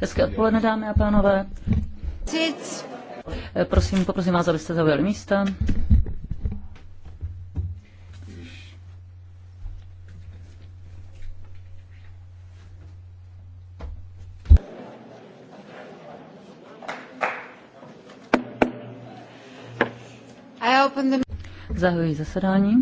Hezké odpoledne, dámy a pánové. Eh, prosím, poprosím vás, abyste zaujali místa. Zahajuji zasedání.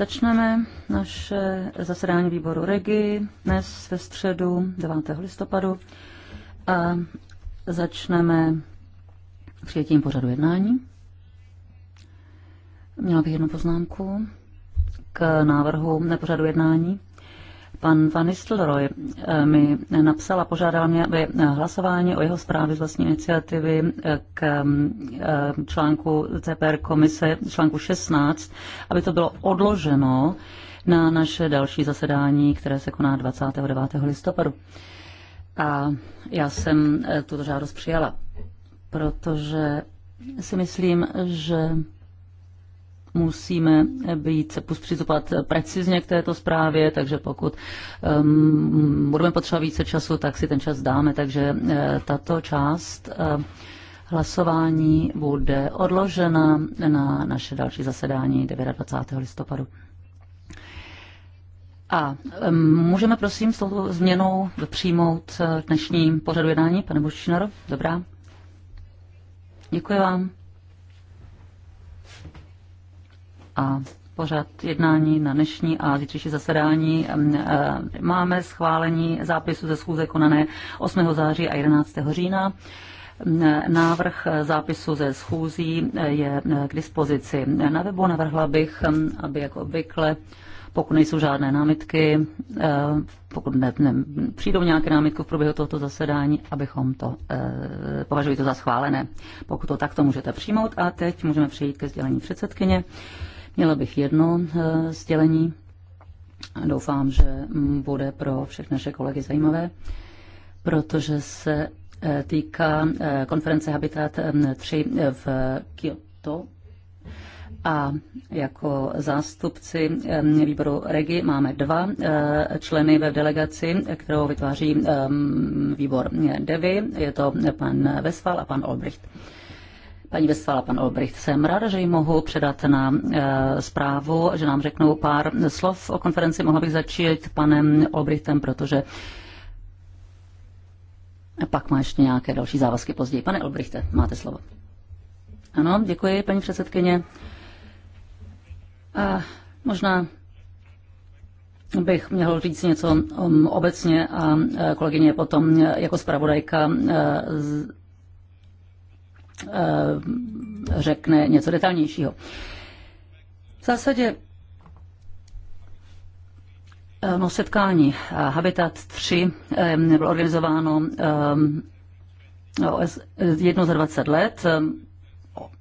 Začneme naše zasedání výboru REGI dnes ve středu 9. listopadu a začneme přijetím pořadu jednání. Měla bych jednu poznámku k návrhu nepořadu jednání. Pan Van Nistelrooy eh, mi napsal a požádal mě, aby eh, hlasování o jeho zprávě z vlastní iniciativy eh, k mm, článku CPR komise, článku 16, aby to bylo odloženo na naše další zasedání, které se koná 29. listopadu. A já jsem tuto žádost přijala, protože si myslím, že musíme být přizupat precizně k této zprávě, takže pokud um, budeme potřebovat více času, tak si ten čas dáme. Takže uh, tato část uh, hlasování bude odložena na naše další zasedání 29. listopadu. A můžeme prosím s touto změnou přijmout eh, dnešní pořadu jednání, pane Bušinaro? Dobrá. Děkuji vám. a pořad jednání na dnešní a zítřejší zasedání máme schválení zápisu ze schůze konané 8. září a 11. října. Návrh zápisu ze schůzí eh, je eh, k dispozici na webu. Navrhla bych, aby jako obvykle pokud nejsou žádné námitky, eh, pokud ne, ne, přijdou nějaké námitky v průběhu tohoto zasedání, abychom to eh, považovali to za schválené. Pokud to takto můžete přijmout a teď můžeme přejít ke sdělení předsedkyně. Eh, Měla bych jedno eh, sdělení. Doufám, že mm, bude pro všechny naše kolegy zajímavé, protože se eh, týká eh, konference Habitat 3 v Kyoto. A jako zástupci výboru REGI máme dva členy ve delegaci, kterou vytváří výbor DEVI. Je to pan Vesval a pan Olbricht paní Vesala, pan Olbricht. Jsem ráda, že ji mohu předat na e, zprávu, že nám řeknou pár slov o konferenci. Mohla bych začít panem Olbrichtem, protože pak má ještě nějaké další závazky později. Pane Olbrichte, máte slovo. Ano, děkuji, paní předsedkyně. A možná bych měl říct něco um, obecně a eh, kolegyně potom eh, jako zpravodajka Eh, řekne něco detailnějšího. V zásadě eh, No, setkání Habitat 3 eh, bylo organizováno jedno za 20 let.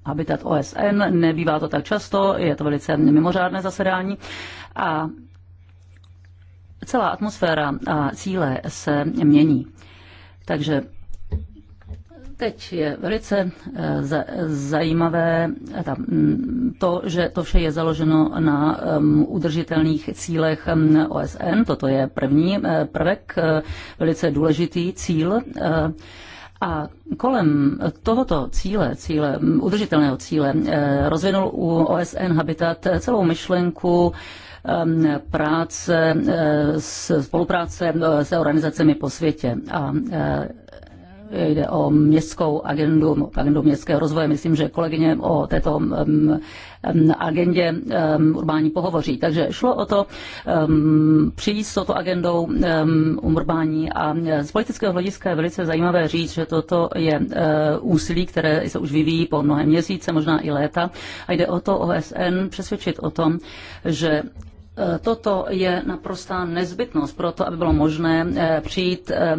Habitat OSN, nebývá to tak často, je to velice mimořádné zasedání. A celá atmosféra a cíle se mění. Takže Teď je velice eh, zajímavé eh, mm, to, že to vše je založeno na eh, udržitelných cílech mm, OSN. Toto je první prvek, velice důležitý cíl. A kolem tohoto cíle, cíle mm, udržitelného cíle, rozvinul u OSN Habitat celou myšlenku práce, spolupráce s organizacemi po světě. A jde o městskou agendu, agendu městského rozvoje. Myslím, že kolegyně o této um, um, agendě um, urbání pohovoří. Takže šlo o to přijít s touto agendou urbání a eh, z politického hlediska je velice zajímavé říct, že toto je eh, úsilí, které se už vyvíjí po mnohé měsíce, možná i léta a jde o to OSN přesvědčit o tom, že Eh, toto je naprostá nezbytnost pro to, aby bylo možné eh, přijít eh,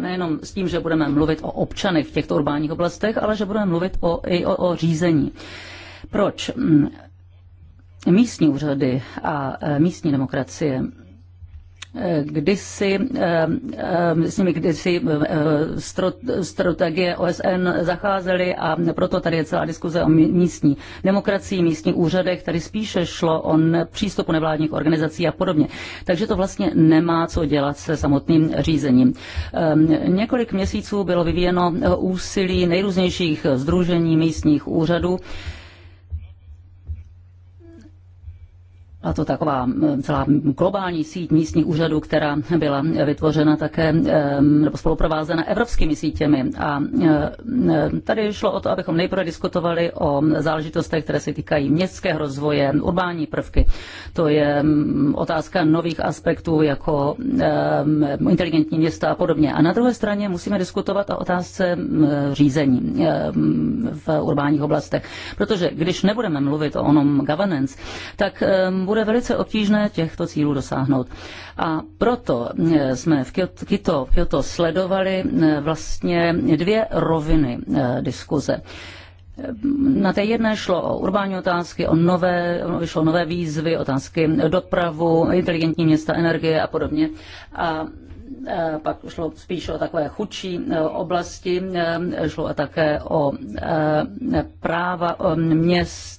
nejenom s tím, že budeme mluvit o občanech v těchto urbánních oblastech, ale že budeme mluvit o, i o, o řízení. Proč? Místní úřady a místní demokracie kdysi, eh, eh, s nimi kdysi eh, strategie OSN zacházely a proto tady je celá diskuze o místní demokracii, místní úřadech, tady spíše šlo o přístupu nevládních organizací a podobně. Takže to vlastně nemá co dělat se samotným řízením. Několik měsíců bylo vyvíjeno úsilí nejrůznějších združení místních úřadů, Byla to taková celá globální síť místních úřadů, která byla vytvořena také nebo spoluprovázena evropskými sítěmi. A tady šlo o to, abychom nejprve diskutovali o záležitostech, které se týkají městského rozvoje, urbání prvky. To je otázka nových aspektů jako inteligentní města a podobně. A na druhé straně musíme diskutovat o otázce řízení v urbáních oblastech. Protože když nebudeme mluvit o onom governance, tak bude velice obtížné těchto cílů dosáhnout. A proto eh, jsme v Kyoto, v Kyoto sledovali eh, vlastně dvě roviny eh, diskuze. Na té jedné šlo o urbání otázky, o nové, vyšlo nové výzvy, otázky dopravu, inteligentní města, energie a podobně. A Eh, pak šlo spíš o takové chudší eh, oblasti, eh, šlo také o práva měst,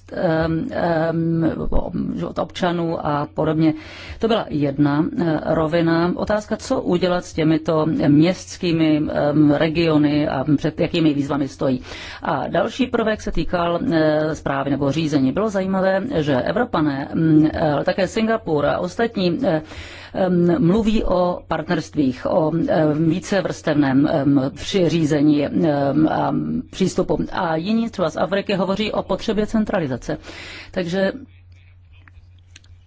od občanů a podobně. To byla jedna rovina. Otázka, co udělat s těmito městskými regiony a před jakými výzvami stojí. A další prvek se týkal zprávy nebo řízení. Bylo zajímavé, že Evropané, mm, ale také Singapur a ostatní mluví o partnerstvích, o vícevrstevném přiřízení a přístupu. A jiní třeba z Afriky hovoří o potřebě centralizace. Takže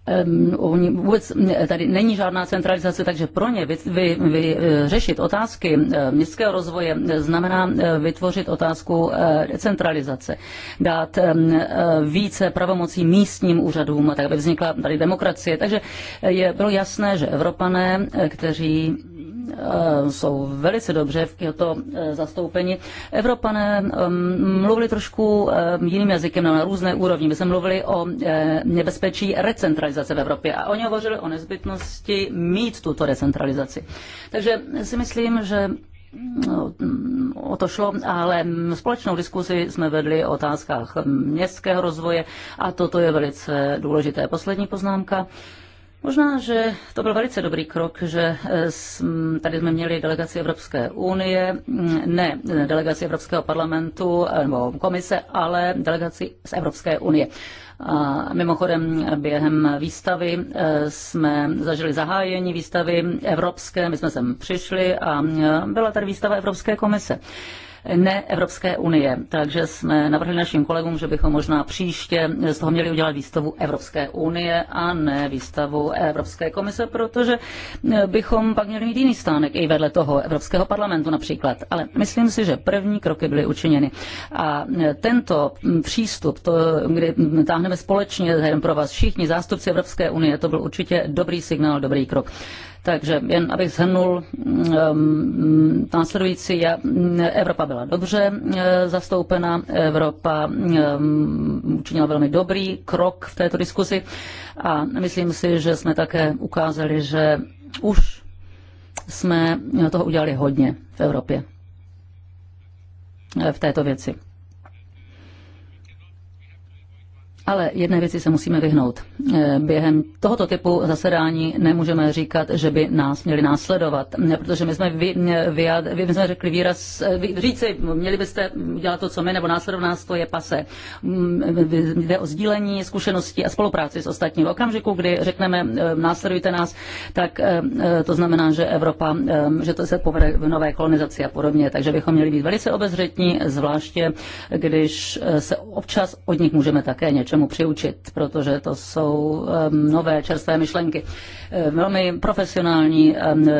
Ehm, oni vůbec tady není žádná centralizace, takže pro ně vyřešit e, otázky e, městského rozvoje e, znamená vytvořit otázku decentralizace, dát více pravomocí místním úřadům, tak aby vznikla tady demokracie. Takže je bylo jasné, že Evropané, kteří Eh, jsou velice dobře v Kyoto eh, zastoupeni. Evropané eh, mluvili trošku jiným jazykem na různé úrovni. My jsme mluvili o nebezpečí recentralizace v Evropě a oni hovořili o nezbytnosti mít tuto recentralizaci. Takže si myslím, že o to šlo, ale společnou diskusi jsme vedli o otázkách městského rozvoje a toto je velice důležité. Poslední poznámka. Možná, že to byl velice dobrý krok, že eh, tady jsme měli delegaci Evropské unie, mm, ne delegaci Evropského parlamentu eh, nebo komise, ale delegaci z Evropské unie. A mimochodem během výstavy eh, jsme zažili zahájení výstavy evropské, my jsme sem přišli a byla tady výstava Evropské komise ne Evropské unie. Takže jsme navrhli našim kolegům, že bychom možná příště z toho měli udělat výstavu Evropské unie a ne výstavu Evropské komise, protože eh, bychom pak měli mít jiný stánek i vedle toho Evropského parlamentu například. Ale myslím si, že první kroky byly učiněny. A eh, tento mm, přístup, to, kdy táhneme společně eh, pro vás všichni zástupci Evropské unie, to byl určitě dobrý signál, dobrý krok. Takže jen abych shrnul, mm, mm, následující je, mm, Evropa byla dobře eh, zastoupena, Evropa učinila velmi dobrý krok v této diskusi a myslím si, že jsme také ukázali, že už jsme toho udělali hodně v Evropě eh, v této věci. Ale jedné věci se musíme vyhnout. Eh, během tohoto typu zasedání nemůžeme říkat, že by nás měli následovat, protože my jsme, vy, eh, vyjad, my jsme řekli výraz, eh, vy, říci, měli byste dělat to, co my, nebo následovat nás, to je pase. Mm, jde o sdílení zkušeností a spolupráci s ostatními. V okamžiku, kdy řekneme následujte nás, tak to znamená, že Evropa, že to se povede v nové kolonizaci a podobně. Takže bychom měli být velice obezřetní, zvláště když se občas od nich můžeme také něčem tomu přiučit, protože to jsou nové čerstvé myšlenky. Velmi profesionální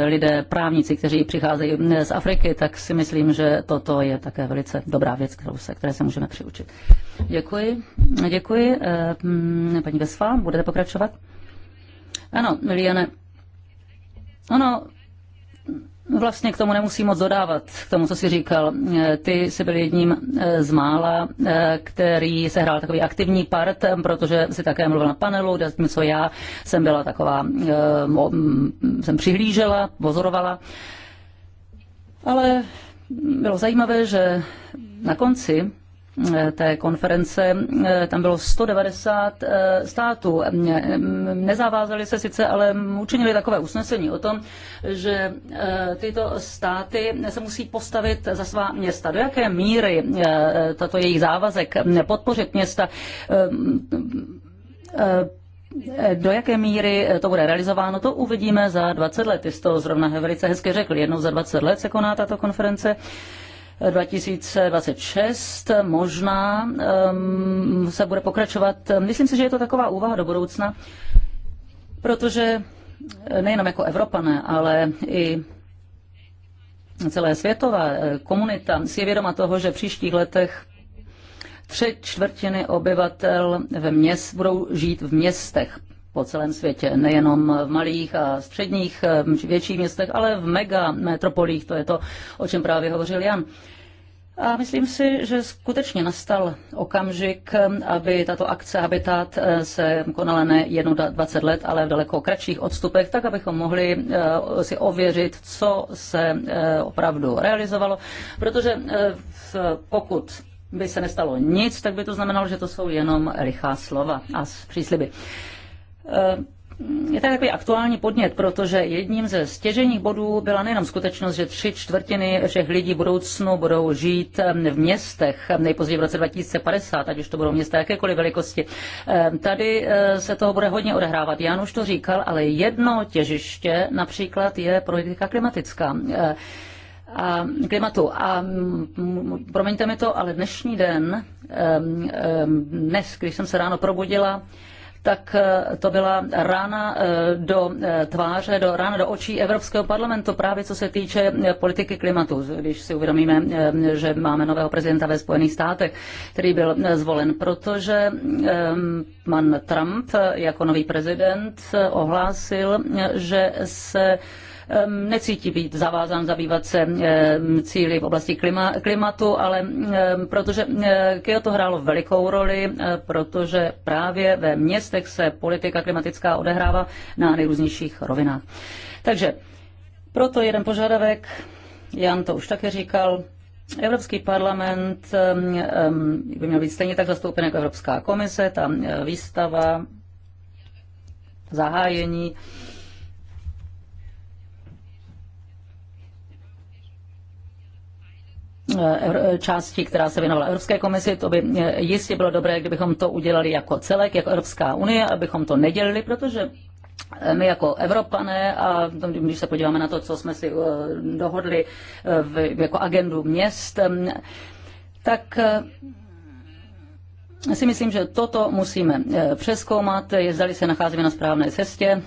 lidé, právníci, kteří přicházejí z Afriky, tak si myslím, že toto je také velice dobrá věc, kterou se, které se můžeme přiučit. Děkuji. Děkuji. Paní Vesfa, budete pokračovat? Ano, Liliane. Ano, Vlastně k tomu nemusím moc dodávat, k tomu, co jsi říkal. Eh, ty jsi byl jedním eh, z mála, eh, který se hrál takový aktivní part, protože jsi také mluvil na panelu, co já jsem byla taková, jsem přihlížela, pozorovala. Ale bylo zajímavé, že na konci té konference, eh, tam bylo 190 eh, států. Mm, nezavázali se sice, ale učinili takové usnesení o tom, že eh, tyto státy se musí postavit za svá města. Do jaké míry tato jejich závazek podpořit města do jaké míry to bude realizováno, to uvidíme za 20 let. Jste to zrovna velice hezky řekl. Jednou za 20 let se koná tato konference. 2026 možná se bude pokračovat. Myslím si, že je to taková úvaha do budoucna, protože nejenom jako Evropané, ale i celé světová eh, komunita si je vědoma toho, že v příštích letech tři čtvrtiny obyvatel v měst budou žít v městech po celém světě, nejenom v malých a středních eh, větších městech, ale v mega metropolích, to je to, o čem právě hovořil Jan. A myslím si, že skutečně nastal okamžik, eh, aby tato akce Habitat eh, se konala ne 21 let, ale v daleko kratších odstupech, tak abychom mohli si ověřit, co se opravdu realizovalo. Protože pokud by se nestalo nic, tak by to znamenalo, že to jsou jenom lichá slova a přísliby. Eh, je tady takový aktuální podnět, protože jedním ze stěženích bodů byla nejenom skutečnost, že tři čtvrtiny všech lidí budoucnu budou žít eh, v městech eh, nejpozději v roce 2050, ať už to budou města jakékoliv velikosti. Tady se toho bude hodně odehrávat. Jan už to říkal, ale jedno těžiště například je politika klimatická a klimatu. A mm, mm, promiňte mi to, ale dnešní den, dnes, když jsem se ráno probudila, tak eh, to byla rána eh, do eh, tváře, do, rána do očí Evropského parlamentu právě co se týče politiky klimatu. Když si uvědomíme, že máme nového prezidenta ve Spojených státech, který byl zvolen, protože pan Trump jako nový prezident ohlásil, že se Ehm, necítí být zavázán zabývat se ehm, cíly v oblasti klima, klimatu, ale ehm, protože Kyoto hrálo velikou roli, protože právě ve městech se politika klimatická odehrává na nejrůznějších rovinách. Takže proto jeden požadavek, Jan to už také říkal, Evropský parlament by měl být stejně tak zastoupen jako Evropská komise, ta výstava, zahájení Eh, eh, části, která se věnovala Evropské komisi. To by eh, jistě bylo dobré, kdybychom to udělali jako celek, jako Evropská unie, abychom to nedělili, protože my jako Evropané, a když se podíváme na to, co jsme si dohodli v, jako agendu měst, tak si myslím, že toto musíme přeskoumat, zdali se nacházíme na správné cestě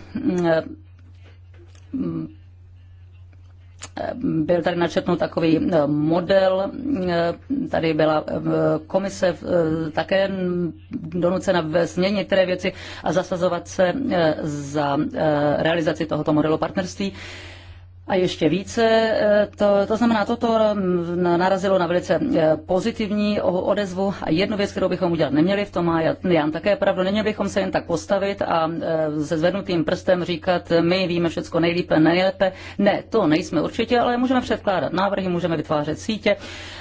byl tady načetnut takový eh, model, eh, tady byla eh, komise také donucena změnit některé věci a zasazovat se za realizaci tohoto modelu partnerství a ještě více. Eh, to, to znamená, toto mm, narazilo na velice eh, pozitivní odezvu a jednu věc, kterou bychom udělat neměli, v tom má Jan také pravdu, neměli bychom se jen tak postavit a eh, se zvednutým prstem říkat, my víme všechno nejlépe, nejlépe. Ne, to nejsme určitě, ale můžeme předkládat návrhy, můžeme vytvářet sítě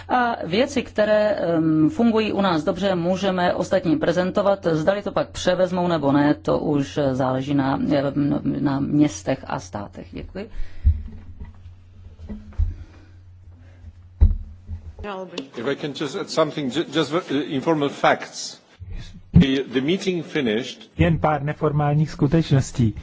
a věci, které fungují u nás dobře, můžeme ostatním prezentovat. Zdali to pak převezmou nebo ne, to už záleží na, na městech a státech. Děkuji. If I can just add something, just, uh, informal facts. The, the meeting finished. Jen pár neformálních skutečností.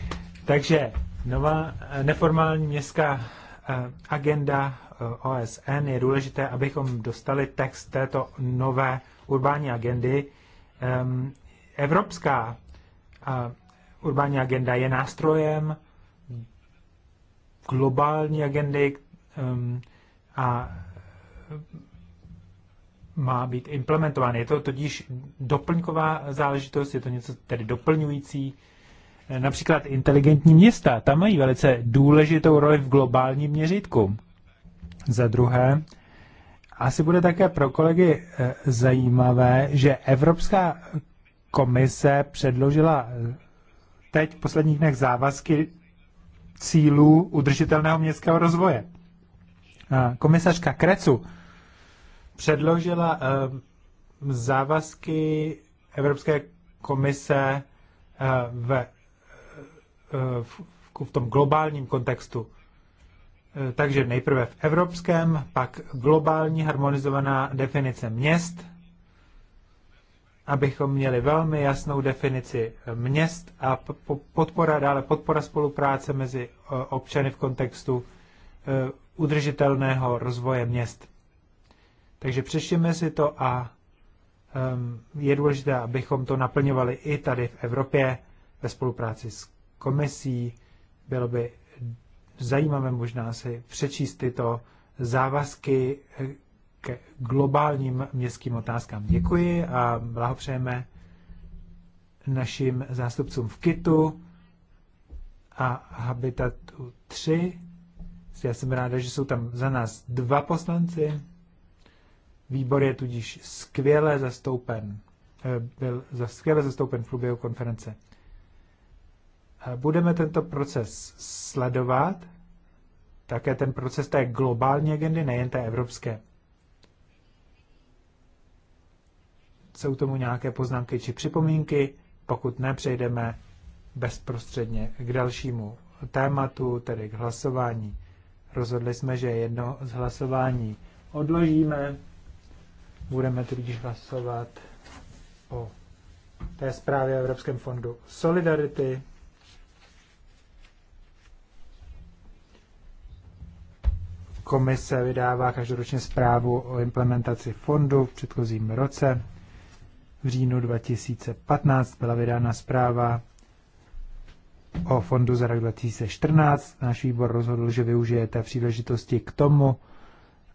Takže nová eh, neformální městská eh, agenda eh, OSN je důležité, abychom dostali text této nové urbání agendy. Ehm, evropská urbání agenda je nástrojem globální agendy ehm, a má být implementován. Je to totiž doplňková záležitost, je to něco tedy doplňující. Například inteligentní města, tam mají velice důležitou roli v globálním měřítku. Za druhé, asi bude také pro kolegy eh, zajímavé, že Evropská komise předložila eh, teď v posledních dnech závazky cílů udržitelného městského rozvoje. Komisařka Krecu předložila eh, závazky Evropské komise eh, ve, eh, v, v tom globálním kontextu. Takže nejprve v evropském, pak globální harmonizovaná definice měst, abychom měli velmi jasnou definici měst a podpora, dále podpora spolupráce mezi občany v kontextu udržitelného rozvoje měst. Takže přečtěme si to a um, je důležité, abychom to naplňovali i tady v Evropě ve spolupráci s komisí. Bylo by zajímavé možná si přečíst tyto závazky eh, k globálním městským otázkám. Děkuji a blahopřejeme našim zástupcům v KITu a Habitatu 3. Já jsem ráda, že jsou tam za nás dva poslanci. Výbor je tudíž skvěle zastoupen, eh, byl skvěle zastoupen v průběhu konference. Eh, budeme tento proces sledovat, také ten proces té globální agendy, nejen té evropské. Jsou tomu nějaké poznámky či připomínky? Pokud ne, přejdeme bezprostředně k dalšímu tématu, tedy k hlasování. Rozhodli jsme, že jedno z hlasování odložíme. Budeme tudíž hlasovat o té zprávě o Evropském fondu Solidarity. Komise vydává každoročně zprávu o implementaci fondu v předchozím roce. V říjnu 2015 byla vydána zpráva o fondu za rok 2014. Náš výbor rozhodl, že využijete příležitosti k tomu,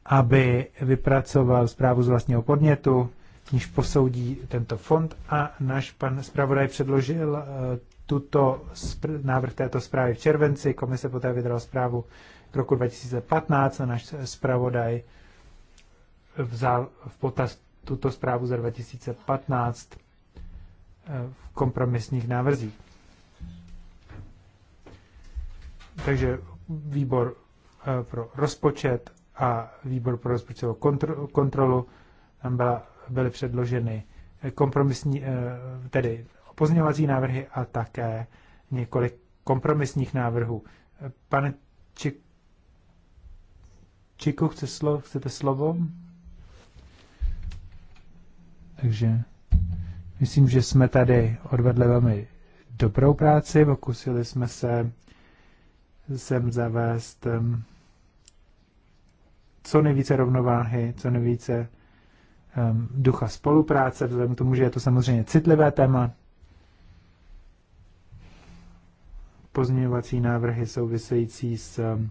aby vypracoval zprávu z vlastního podnětu, níž posoudí tento fond a náš pan zpravodaj předložil eh, tuto návrh této zprávy v červenci, komise poté vydala zprávu k roku 2015 a náš zpravodaj vzal v potaz tuto zprávu za 2015 eh, v kompromisních návrzích. Takže výbor eh, pro rozpočet a výbor pro rozpočtovou kontrolu, tam byla, byly předloženy eh, kompromisní, eh, tedy pozměňovací návrhy a také několik kompromisních návrhů. Pane Čik, Čiku, chce slo, chcete slovo? Takže myslím, že jsme tady odvedli velmi dobrou práci, pokusili jsme se sem zavést co nejvíce rovnováhy, co nejvíce um, ducha spolupráce, vzhledem k tomu, že je to samozřejmě citlivé téma. Pozměňovací návrhy související s um,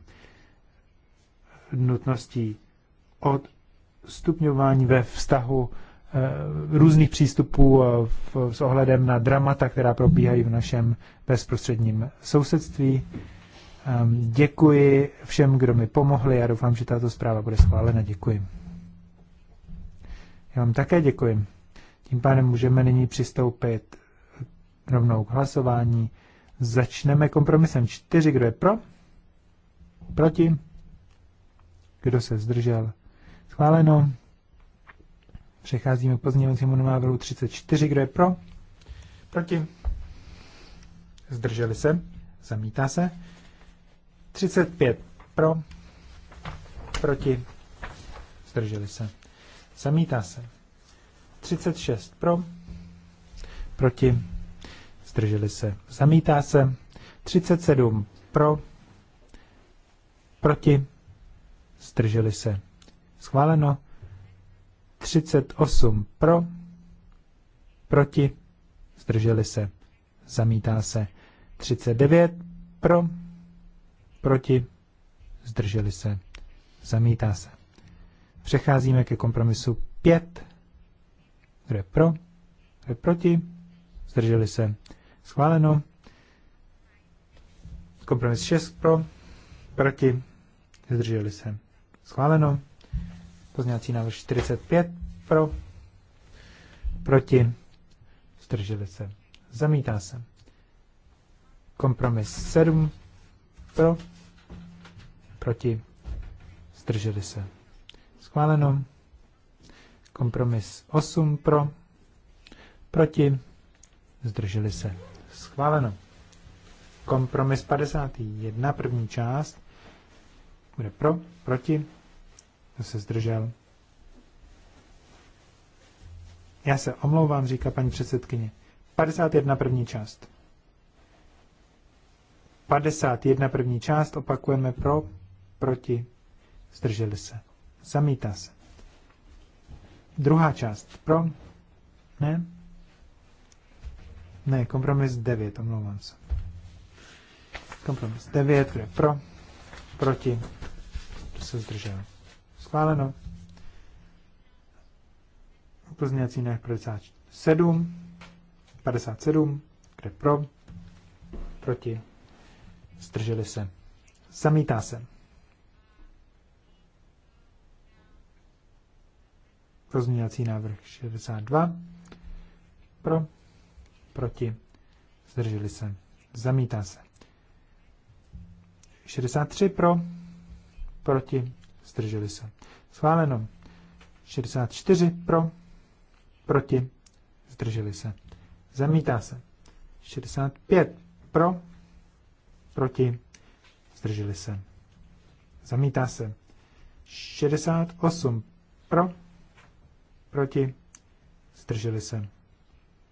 nutností od stupňování ve vztahu uh, různých přístupů uh, s ohledem na dramata, která probíhají v našem bezprostředním sousedství. Ehm, děkuji všem, kdo mi pomohli. Já doufám, že tato zpráva bude schválena. Děkuji. Já vám také děkuji. Tím pádem můžeme nyní přistoupit rovnou k hlasování. Začneme kompromisem 4. Kdo je pro? Proti? Kdo se zdržel? Schváleno. Přecházíme k pozměňovacímu návrhu 34. Kdo je pro? Proti? Zdrželi se? Zamítá se? 35 pro, proti, zdrželi se. Zamítá se. 36 pro, proti, zdrželi se. Zamítá se. 37 pro, proti, zdrželi se. Schváleno. 38 pro, proti, zdrželi se. Zamítá se. 39 pro, proti, zdrželi se, zamítá se. Přecházíme ke kompromisu 5, kdo je pro, kdo je proti, zdrželi se, schváleno. Kompromis 6 pro, proti, zdrželi se, schváleno. Pozměňovací návrh 45 pro, proti, zdrželi se, zamítá se. Kompromis 7 pro? Proti? Zdrželi se. Schváleno. Kompromis 8 pro. Proti? Zdrželi se. Schváleno. Kompromis 51, první část. Bude pro, proti. Kdo se zdržel? Já se omlouvám, říká paní předsedkyně. 51, první část. 51 první část opakujeme pro, proti, zdrželi se. Zamítá se. Druhá část pro, ne, ne, kompromis 9, omlouvám se. Kompromis 9, kdo je pro, proti, to se zdržel. Schváleno. Pozměňovací návrh 57, 57, kde pro, proti, Zdrželi se. Zamítá se. Pozměňovací návrh 62. Pro. Proti. Zdrželi se. Zamítá se. 63 pro. Proti. Zdrželi se. Schváleno. 64 pro. Proti. Zdrželi se. Zamítá se. 65 pro proti, zdrželi se. Zamítá se. 68 pro, proti, zdrželi se.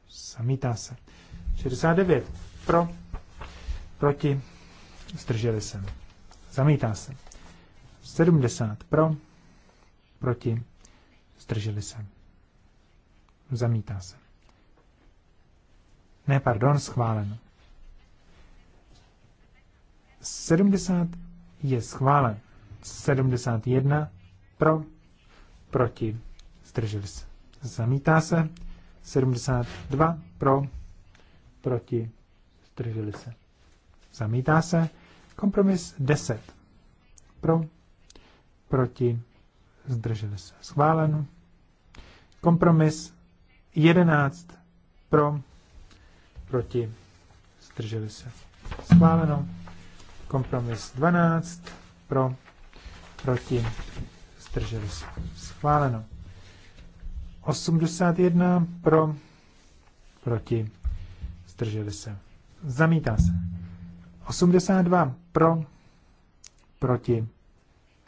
Zamítá se. 69 pro, proti, zdrželi se. Zamítá se. 70 pro, proti, zdrželi se. Zamítá se. Ne, pardon, schváleno. 70 je schválen. 71 pro, proti, zdrželi se. Zamítá se. 72 pro, proti, zdrželi se. Zamítá se. Kompromis 10 pro, proti, zdrželi se. Schváleno. Kompromis 11 pro, proti, zdrželi se. Schváleno. Kompromis 12 pro, proti, zdrželi se. Schváleno. 81 pro, proti, zdrželi se. Zamítá se. 82 pro, proti,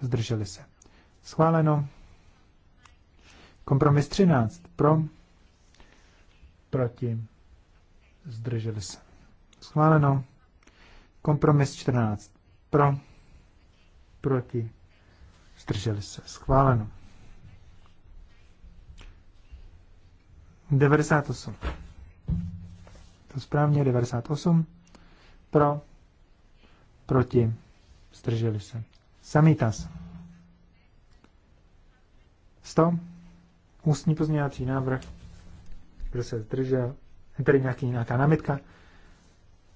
zdrželi se. Schváleno. Kompromis 13 pro, proti, zdrželi se. Schváleno. Kompromis 14. Pro. Proti. Zdrželi se. Schváleno. 98. To správně, 98. Pro. Proti. Zdrželi se. Samitas. 100. Ústní pozměňovací návrh. Kdo se zdržel? Tedy nějaký, nějaká námitka.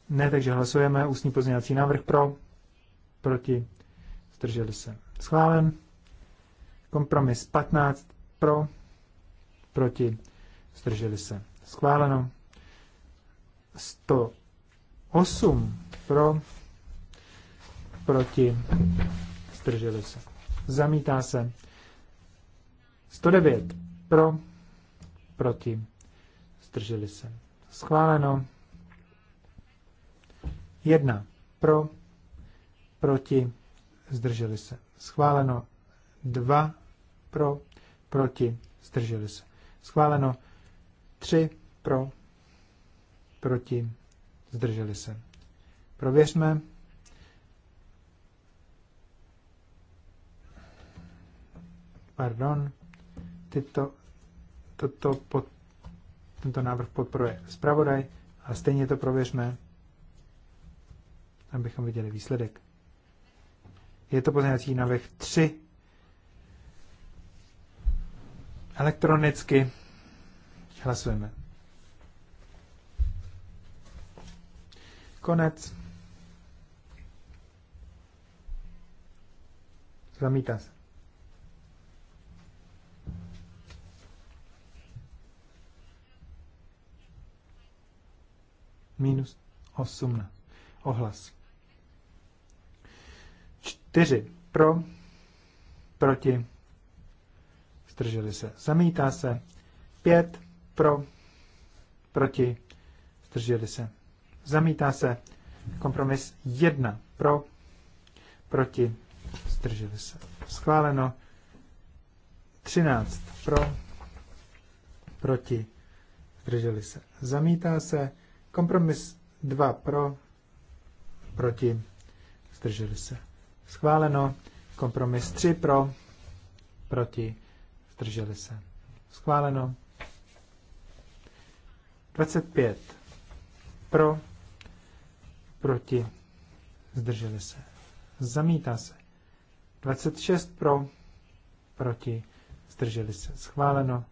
Ne, takže hlasujeme ústní pozměňovací návrh pro, proti, zdrželi se. Schválen. Kompromis 15 pro, proti, zdrželi se. Schváleno. 108 pro, proti, zdrželi se. Zamítá se. 109 pro, proti, zdrželi se. Schváleno. 1 pro, proti, zdrželi se. Schváleno 2 pro, proti, zdrželi se. Schváleno 3 pro, proti, zdrželi se. Prověřme. Pardon. Tyto, toto pod, tento návrh podporuje zpravodaj a stejně to prověřme abychom viděli výsledek. Je to pozměňovací návrh 3. Elektronicky hlasujeme. Konec. Zamítá se. Minus 18. Ohlas. 4 pro, proti, zdrželi se, zamítá se. 5 pro, proti, zdrželi se, zamítá se. Kompromis 1 pro, proti, zdrželi se. Schváleno. 13 pro, proti, zdrželi se. Zamítá se. Kompromis 2 pro, proti, zdrželi se Schváleno. Kompromis 3 pro, proti, zdrželi se. Schváleno. 25 pro, proti, zdrželi se. Zamítá se. 26 pro, proti, zdrželi se. Schváleno.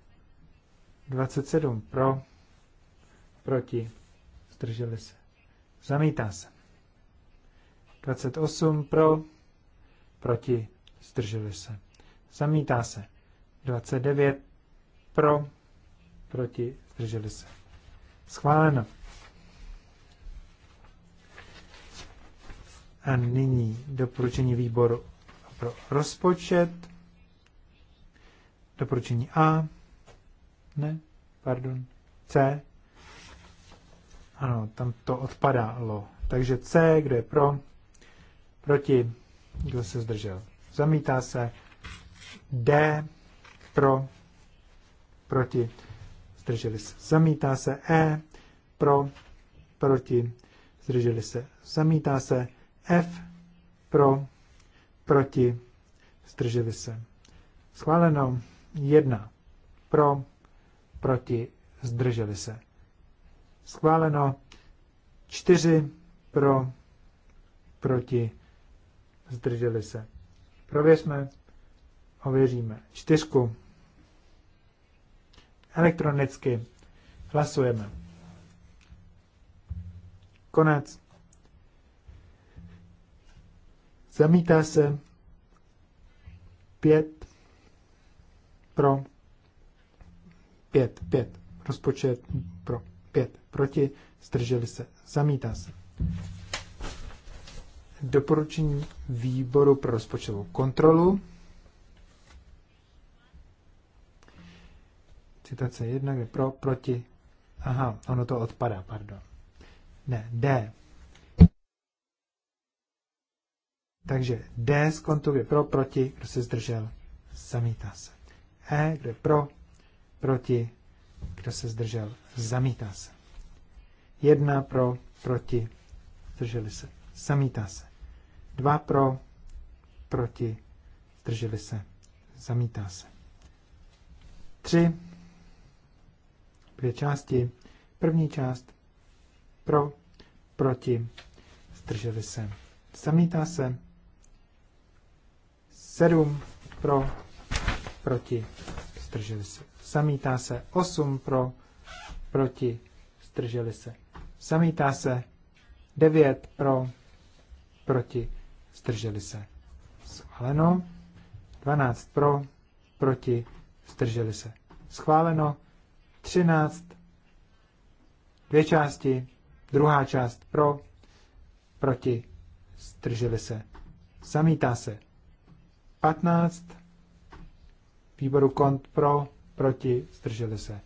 27 pro, proti, zdrželi se. Zamítá se. 28 pro, proti, zdrželi se. Zamítá se. 29 pro, proti, zdrželi se. Schváleno. A nyní doporučení výboru pro rozpočet. Doporučení A. Ne, pardon. C. Ano, tam to odpadalo. Takže C, kdo je pro, proti, kdo se zdržel? Zamítá se. D pro, proti, zdrželi se. Zamítá se. E pro, proti, zdrželi se. Zamítá se. F pro, proti, zdrželi se. Schváleno. 1 pro, proti, zdrželi se. Schváleno. 4 pro, proti, zdrželi se. Prověřme, ověříme. Čtyřku. Elektronicky hlasujeme. Konec. Zamítá se pět pro pět, pět. Rozpočet pro pět. Proti zdrželi se. Zamítá se doporučení výboru pro rozpočtovou kontrolu. Citace 1, je pro, proti. Aha, ono to odpadá, pardon. Ne, D. Takže D z kontu je pro, proti, kdo se zdržel, zamítá se. E, kde pro, proti, kdo se zdržel, zamítá se. Jedna pro, proti, zdrželi se, zamítá se. Dva pro, proti, zdrželi se, zamítá se. Tři dvě části, první část, pro, proti, zdrželi se, zamítá se. Sedm pro, proti, zdrželi se, zamítá se. Osm pro, proti, zdrželi se, zamítá se. Devět pro, proti, zdrželi se. Schváleno. 12 pro, proti, zdrželi se. Schváleno. 13. Dvě části. Druhá část pro, proti, zdrželi se. Zamítá se. 15. Výboru kont pro, proti, zdrželi se.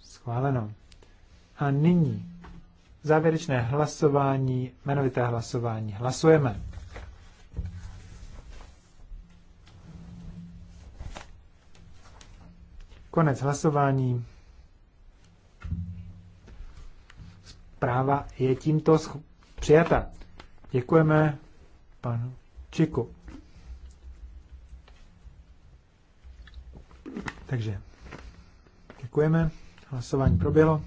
Schváleno. A nyní Závěrečné hlasování, jmenovité hlasování. Hlasujeme. Konec hlasování. Zpráva je tímto přijata. Děkujeme panu Čiku. Takže děkujeme. Hlasování proběhlo.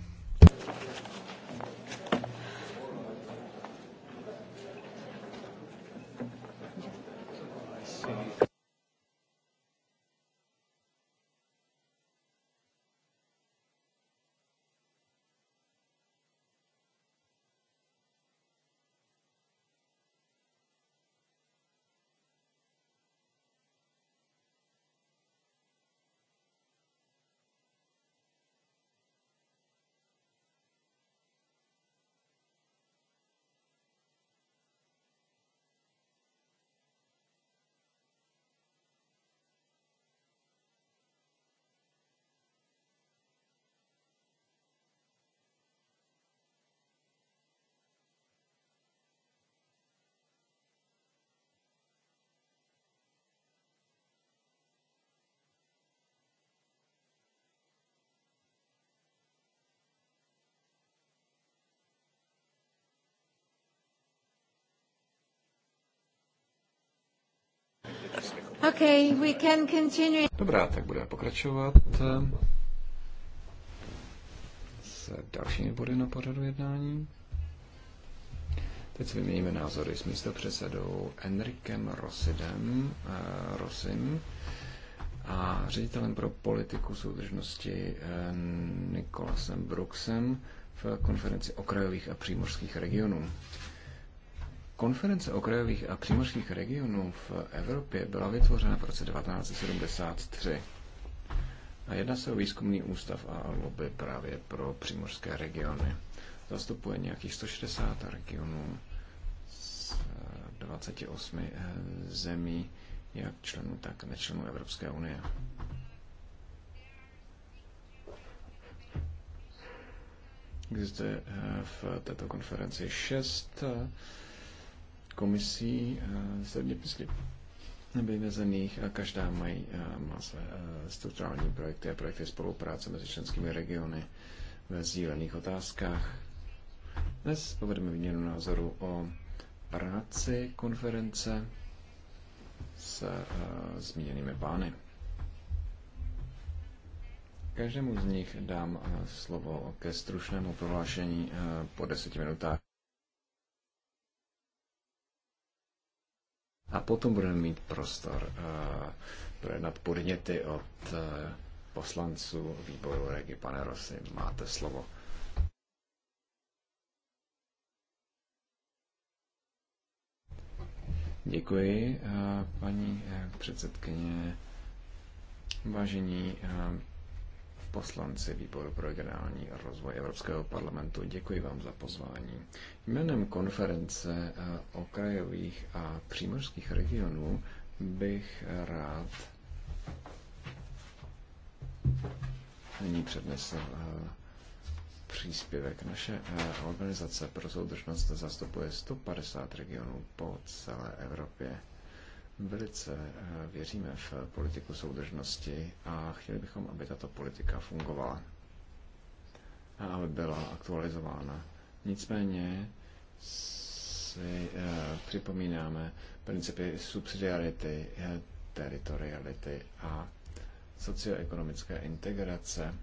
Okay, we can continue. Dobrá, tak budeme pokračovat s dalšími body na pořadu jednání. Teď si vyměníme názory s místopředsedou Enrikem Rosidem, uh, eh, Rosim a ředitelem pro politiku soudržnosti uh, Nikolasem Brooksem v konferenci okrajových a přímořských regionů. Konference okrajových a přímořských regionů v Evropě byla vytvořena v roce 1973 a jedná se o výzkumný ústav a lobby právě pro přímořské regiony. Zastupuje nějakých 160 regionů z 28 eh, eh, zemí, jak členů, tak nečlenů Evropské unie. Existuje eh, v této konferenci šest komisí zeměpisných eh, vyvezených a každá mají, eh, má své eh, strukturální projekty a projekty spolupráce mezi členskými regiony ve sdílených otázkách. Dnes povedeme výměnu názoru o práci konference s zmíněnými pány. Každému z nich dám slovo ke stručnému prohlášení po deseti minutách. A potom budeme mít prostor eh, jednat podněty od eh, poslanců výboru Regi. Pane Rosy, máte slovo. Děkuji, eh, paní předsedkyně. Vážení poslanci Výboru pro regionální rozvoj Evropského parlamentu. Děkuji vám za pozvání. Jménem konference eh, okrajových a přímořských regionů bych rád nyní přednesl eh, příspěvek. Naše eh, organizace pro soudržnost zastupuje 150 regionů po celé Evropě. Velice eh, věříme v politiku soudržnosti a chtěli bychom, aby tato politika fungovala a aby byla aktualizována. Nicméně si eh, připomínáme principy subsidiarity, eh, teritoriality a socioekonomické integrace.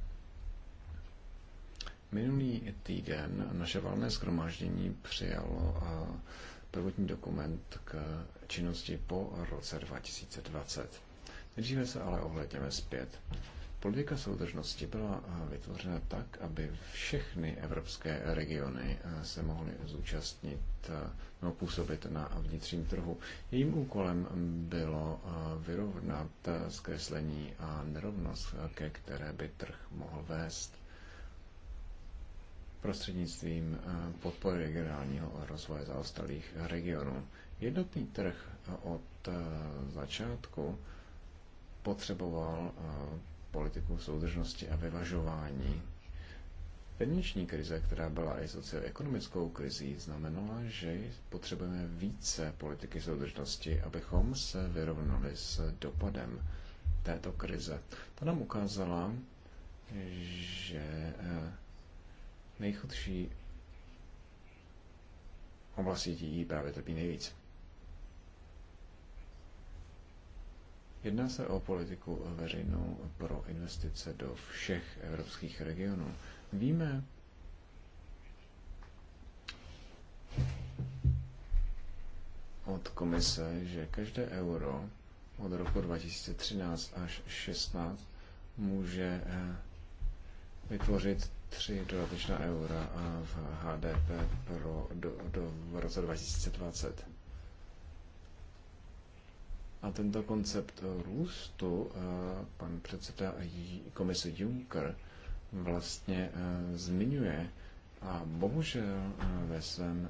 Minulý týden naše valné schromáždění přijalo prvotní dokument k činnosti po roce 2020. Nejdříve se ale ohledněme zpět. Politika soudržnosti byla eh, vytvořena tak, aby všechny evropské regiony eh, se mohly zúčastnit eh, nebo působit na vnitřním trhu. Jejím úkolem bylo vyrovnat zkreslení a nerovnost, ke které by trh mohl vést prostřednictvím eh, podpory regionálního rozvoje zaostalých regionů. Jednotný trh eh, od eh, začátku potřeboval politiku soudržnosti a vyvažování. Peněční krize, která byla i socioekonomickou krizí, znamenala, že potřebujeme více politiky soudržnosti, abychom se vyrovnali s dopadem této krize. Ta nám ukázala, že nejchudší oblasti dětí právě trpí nejvíc. Jedná se o politiku veřejnou pro investice do všech evropských regionů. Víme, od komise, že každé euro od roku 2013 až 16 může eh, vytvořit 3 dodatečná eura a v HDP pro do, do, v roce 2020. A tento koncept růstu eh, pan předseda komise Juncker vlastně eh, zmiňuje a bohužel eh, ve svém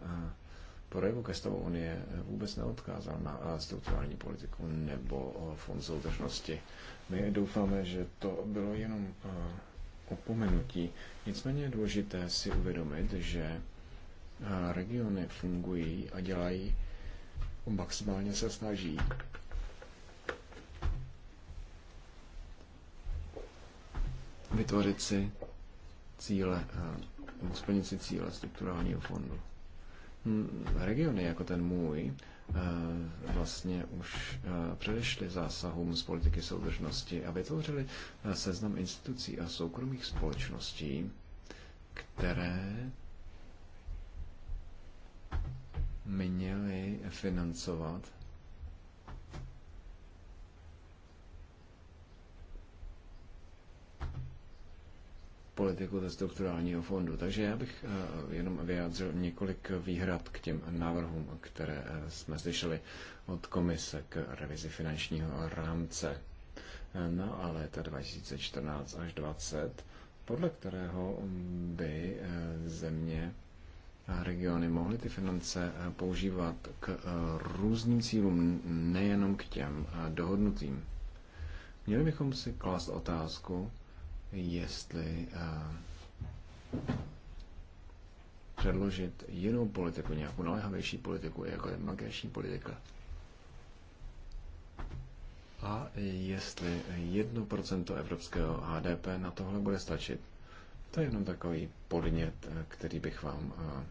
projevu ke stavu Unie vůbec neodkázal na strukturální politiku nebo fond soudržnosti. My doufáme, že to bylo jenom opomenutí. Nicméně je důležité si uvědomit, že eh, regiony fungují a dělají, maximálně se snaží. vytvořit si cíle, eh, splnit si cíle strukturálního fondu. Hm, regiony jako ten můj Eh, vlastně už eh, předešli zásahům z politiky soudržnosti a vytvořili eh, seznam institucí a soukromých společností, které měly financovat politiku ze strukturálního fondu. Takže já bych eh, jenom vyjádřil několik výhrad k těm návrhům, které eh, jsme slyšeli od komise k revizi finančního rámce eh, No, léta 2014 až 2020, podle kterého by země a regiony mohly ty finance používat k různým cílům, nejenom k těm dohodnutým. Měli bychom si klást otázku, jestli eh, předložit jinou politiku, nějakou naléhavější politiku, jako je migrační politika. A jestli 1% evropského HDP na tohle bude stačit. To je jenom takový podnět, eh, který bych vám eh,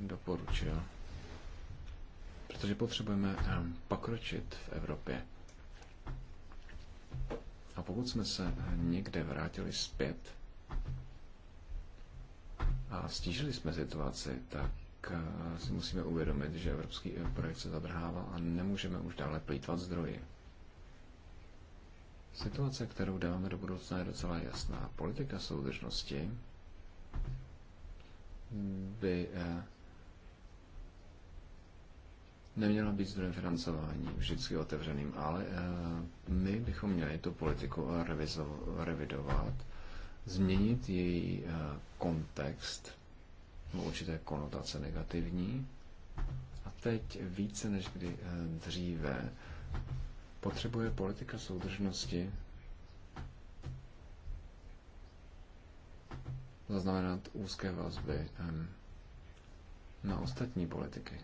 doporučil. Protože potřebujeme pokročit v Evropě. A pokud jsme se někde vrátili zpět a stížili jsme situaci, tak eh, si musíme uvědomit, že evropský eh, projekt se zadrhává a nemůžeme už dále plýtvat zdroji. Situace, kterou dáváme do budoucna, je docela jasná. Politika soudržnosti by eh, neměla být zdrojem financování vždycky otevřeným, ale eh, my bychom měli tu politiku eh, revidovat, změnit její eh, kontext, určité konotace negativní. A teď více než kdy dříve potřebuje politika soudržnosti zaznamenat úzké vazby na ostatní politiky.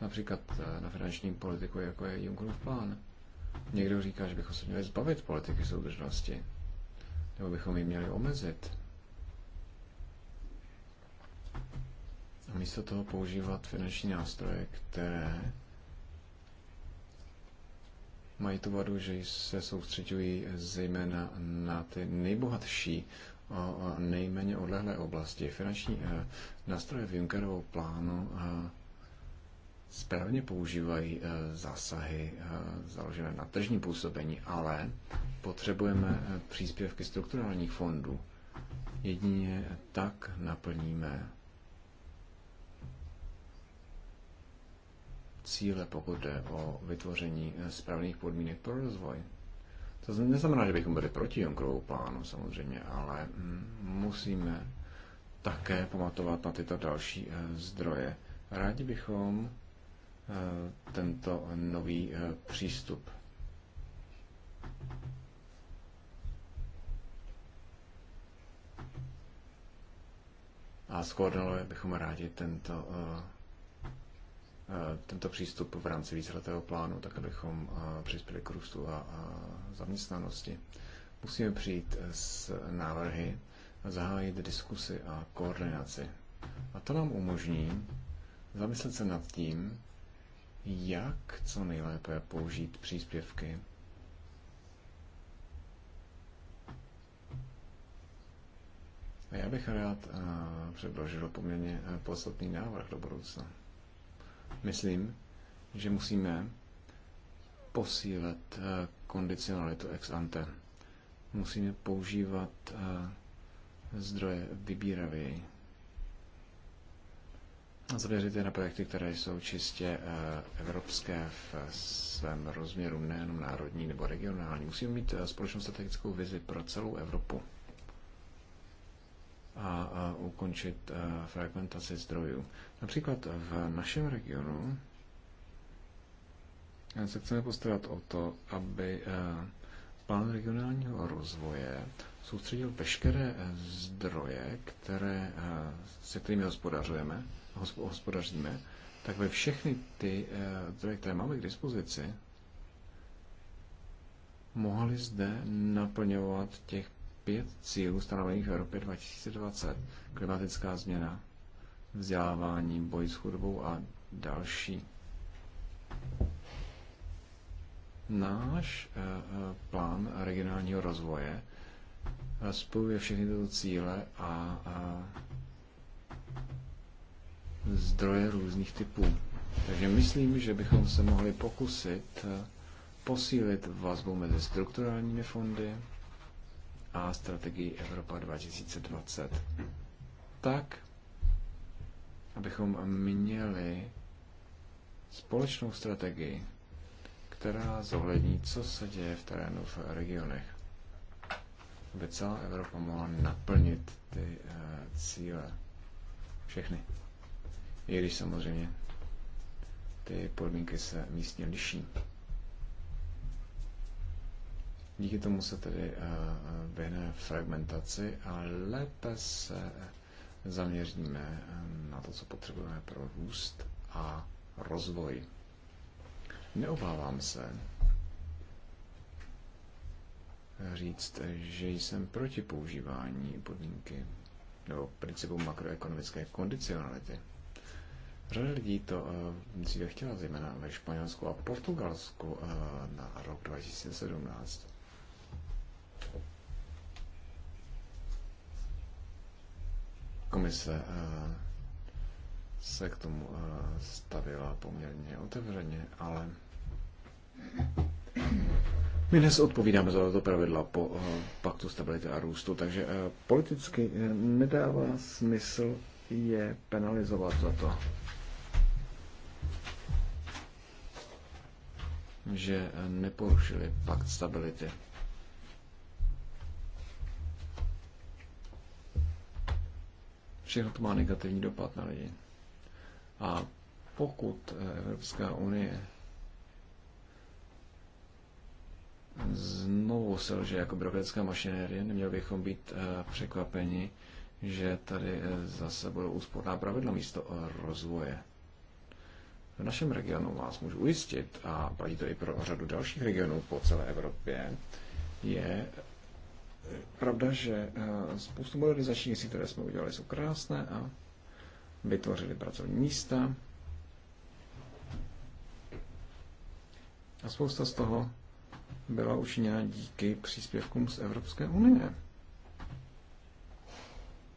například eh, na finanční politiku, jako je Junckerův plán. Někdo říká, že bychom se měli zbavit politiky soudržnosti, nebo bychom ji měli omezit. A místo toho používat finanční nástroje, které mají tu vadu, že se soustředují zejména na ty nejbohatší a nejméně odlehlé oblasti. Finanční eh, nástroje v Junckerovou plánu a eh, správně používají eh, zásahy eh, založené na tržní působení, ale potřebujeme eh, příspěvky strukturálních fondů. Jedině tak naplníme cíle, pokud jde o vytvoření správných podmínek pro rozvoj. To neznamená, že bychom byli proti jonkrovou plánu samozřejmě, ale mm, musíme také pamatovat na tyto další zdroje. Rádi bychom Eh, tento nový eh, přístup. A skoordinovali bychom rádi tento, eh, tento přístup v rámci víceletého plánu, tak abychom přispěli k růstu a zaměstnanosti. Musíme přijít s návrhy, zahájit diskusy a koordinaci. A to nám umožní zamyslet se nad tím, jak co nejlépe použít příspěvky. A já bych rád eh, předložil poměrně eh, podstatný návrh do budoucna. Myslím, že musíme posílit eh, kondicionalitu ex ante. Musíme používat zdroje vybíravěji zaměřit na projekty, které jsou čistě eh, evropské v svém rozměru, nejenom národní nebo regionální. Musíme mít eh, společnou strategickou vizi pro celou Evropu a ukončit eh, fragmentaci zdrojů. Například v našem regionu se chceme postarat o to, aby plán regionálního rozvoje soustředil veškeré zdroje, které, se kterými hospodařujeme, hospodaříme, tak ve všechny ty eh, zdroje, které máme k dispozici, mohli zde naplňovat těch pět cílů stanovených v Evropě 2020. Klimatická změna, vzdělávání, boj s chudobou a další. Náš eh, eh, plán regionálního rozvoje spojuje všechny tyto cíle a zdroje různých typů. Takže myslím, že bychom se mohli pokusit eh, posílit vazbu mezi strukturálními fondy a strategií Evropa 2020. Tak, abychom měli společnou strategii, která zohlední, co se děje v terénu v regionech, aby celá Evropa mohla naplnit ty eh, cíle. Všechny i když samozřejmě ty podmínky se místně liší. Díky tomu se tedy eh, vyhne fragmentaci a lépe se zaměříme eh, na to, co potřebujeme pro růst a rozvoj. Neobávám se říct, že jsem proti používání podmínky nebo principu makroekonomické kondicionality. Řada lidí to eh, dříve chtěla, zejména ve Španělsku a Portugalsku eh, na rok 2017. Komise eh, se k tomu stavila poměrně otevřeně, ale my dnes odpovídáme za to pravidla po paktu stability a růstu, takže politicky nedává smysl je penalizovat za to. že neporušili pakt stability. Všechno to má negativní dopad na lidi. A pokud Evropská unie znovu selže jako byrokratická mašinérie, neměli bychom být eh, překvapeni, že tady eh, zase budou úsporná pravidla místo eh, rozvoje. V našem regionu vás můžu ujistit, a platí to i pro řadu dalších regionů po celé Evropě, je eh, pravda, že eh, spoustu modernizačních věcí, které jsme udělali, jsou krásné a vytvořili pracovní místa. A spousta z toho byla učiněna díky příspěvkům z Evropské unie.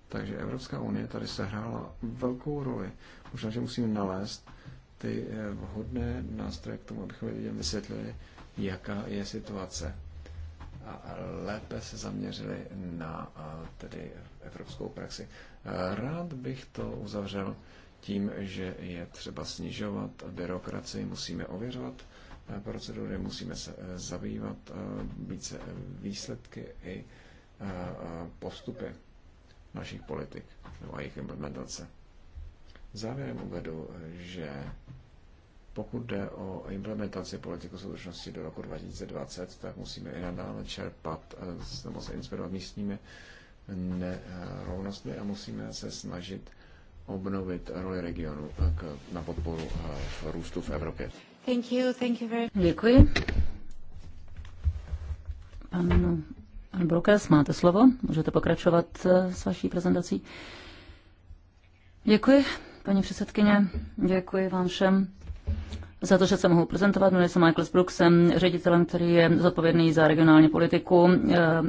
Takže Evropská unie tady sehrála velkou roli. Možná, že musíme nalézt ty eh, vhodné nástroje k tomu, abychom lidem vysvětlili, jaká je situace a lépe se zaměřili na eh, tedy evropskou praxi. Eh, rád bych to uzavřel tím, že je třeba snižovat byrokracii, musíme ověřovat procedury, musíme se zabývat více výsledky i postupy našich politik nebo jejich implementace. Závěrem uvedu, že pokud jde o implementaci politiky soudržnosti do roku 2020, tak musíme i nadále čerpat eh, nebo se inspirovat místními nerovnostmi a musíme se snažit obnovit roli regionu na podporu eh, v růstu v Evropě. Thank you, thank you very... Děkuji. Pan Brokers, máte slovo. Můžete pokračovat eh, s vaší prezentací. Děkuji. Paní předsedkyně, děkuji vám všem za to, že se mohu prezentovat. Jmenuji se Michael Brooks, jsem ředitelem, který je zodpovědný za regionální politiku eh,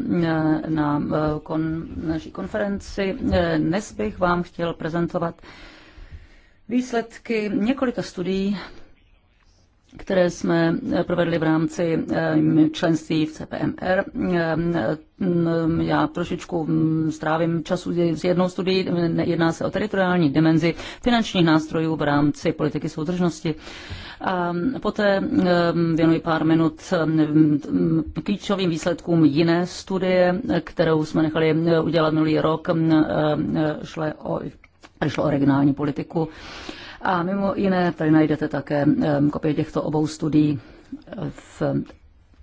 na eh, kon, naší konferenci. Eh, dnes bych vám chtěl prezentovat výsledky několika studií, které jsme eh, provedli v rámci eh, členství v CPMR. Eh, mm, já trošičku mm, strávím času s jednou studií, jedná se o teritoriální dimenzi finančních nástrojů v rámci politiky soudržnosti. A poté věnuji pár minut mm, klíčovým výsledkům jiné studie, kterou jsme nechali udělat minulý rok, šlo o, šlo o regionální politiku. A mimo jiné tady najdete také kopie těchto obou studií eh, v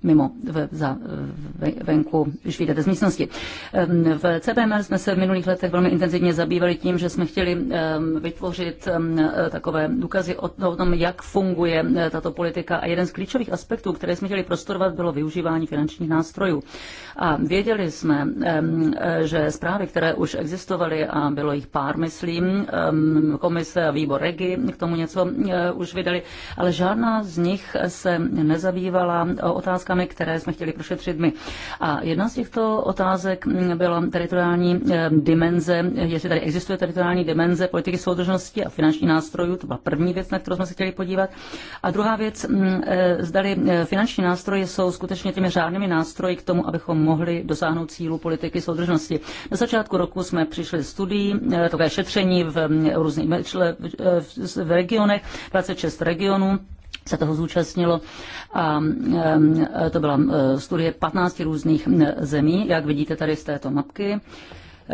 mimo v, za, venku, když vyjdete z místnosti. V CPMR jsme se v minulých letech velmi intenzivně zabývali tím, že jsme chtěli vytvořit e, takové důkazy o tom, jak funguje e, tato politika. A jeden z klíčových aspektů, které jsme chtěli prostorovat, bylo využívání finančních nástrojů. A věděli jsme, e, že zprávy, které už existovaly, a bylo jich pár, myslím, komise a výbor Regi k tomu něco e, už vydali, ale žádná z nich se nezabývala otázkami, které jsme chtěli prošetřit my. A jedna z těchto otázek byla teritoriální dimenze, jestli tady existuje teritoriální dimenze politiky soudržnosti a finanční nástrojů, to byla první věc, na kterou jsme se chtěli podívat. A druhá věc, e, zdali finanční nástroje jsou skutečně těmi řádnými nástroji k tomu, abychom mohli dosáhnout cílu politiky soudržnosti. Na začátku roku jsme přišli studií, eh, takové šetření v mm, různých eh, v regionech, 26 regionů se toho zúčastnilo a mm, eh, to byla studie 15 různých mm, zemí, jak vidíte tady z této mapky.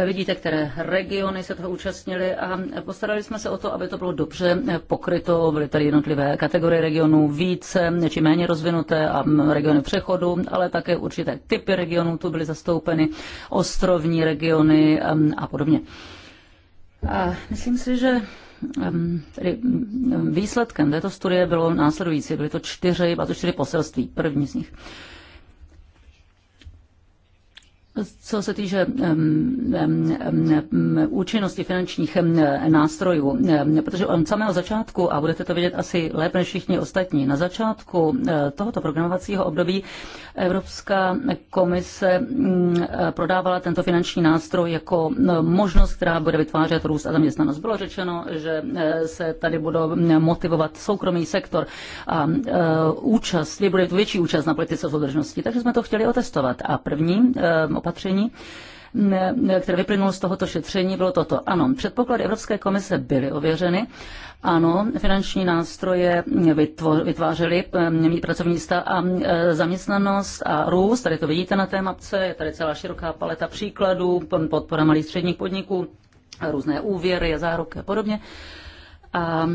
Vidíte, které regiony se toho účastnily a postarali jsme se o to, aby to bylo dobře pokryto. Byly tady jednotlivé kategorie regionů více či méně rozvinuté a regiony přechodu, ale také určité typy regionů tu byly zastoupeny, ostrovní regiony a podobně. A myslím si, že tedy výsledkem této studie bylo následující. Byly to čtyři, a to čtyři poselství, první z nich co se týče účinnosti finančních nástrojů, protože od samého začátku, a budete to vědět asi lépe než všichni ostatní, na začátku eh, tohoto programovacího období Evropská komise mm, eh, prodávala tento finanční nástroj jako eh, možnost, která bude vytvářet růst a zaměstnanost. Bylo řečeno, že se tady budou mm, motivovat soukromý sektor a účast, bude větší účast na politice soudržnosti, takže jsme to chtěli otestovat. A první opatření které vyplynulo z tohoto šetření, bylo toto. Ano, předpoklady Evropské komise byly ověřeny. Ano, finanční nástroje vytvářely eh, pracovní místa a eh, zaměstnanost a růst. Tady to vidíte na té mapce, je tady celá široká paleta příkladů, podpora malých středních podniků, různé úvěry, záruky a podobně. A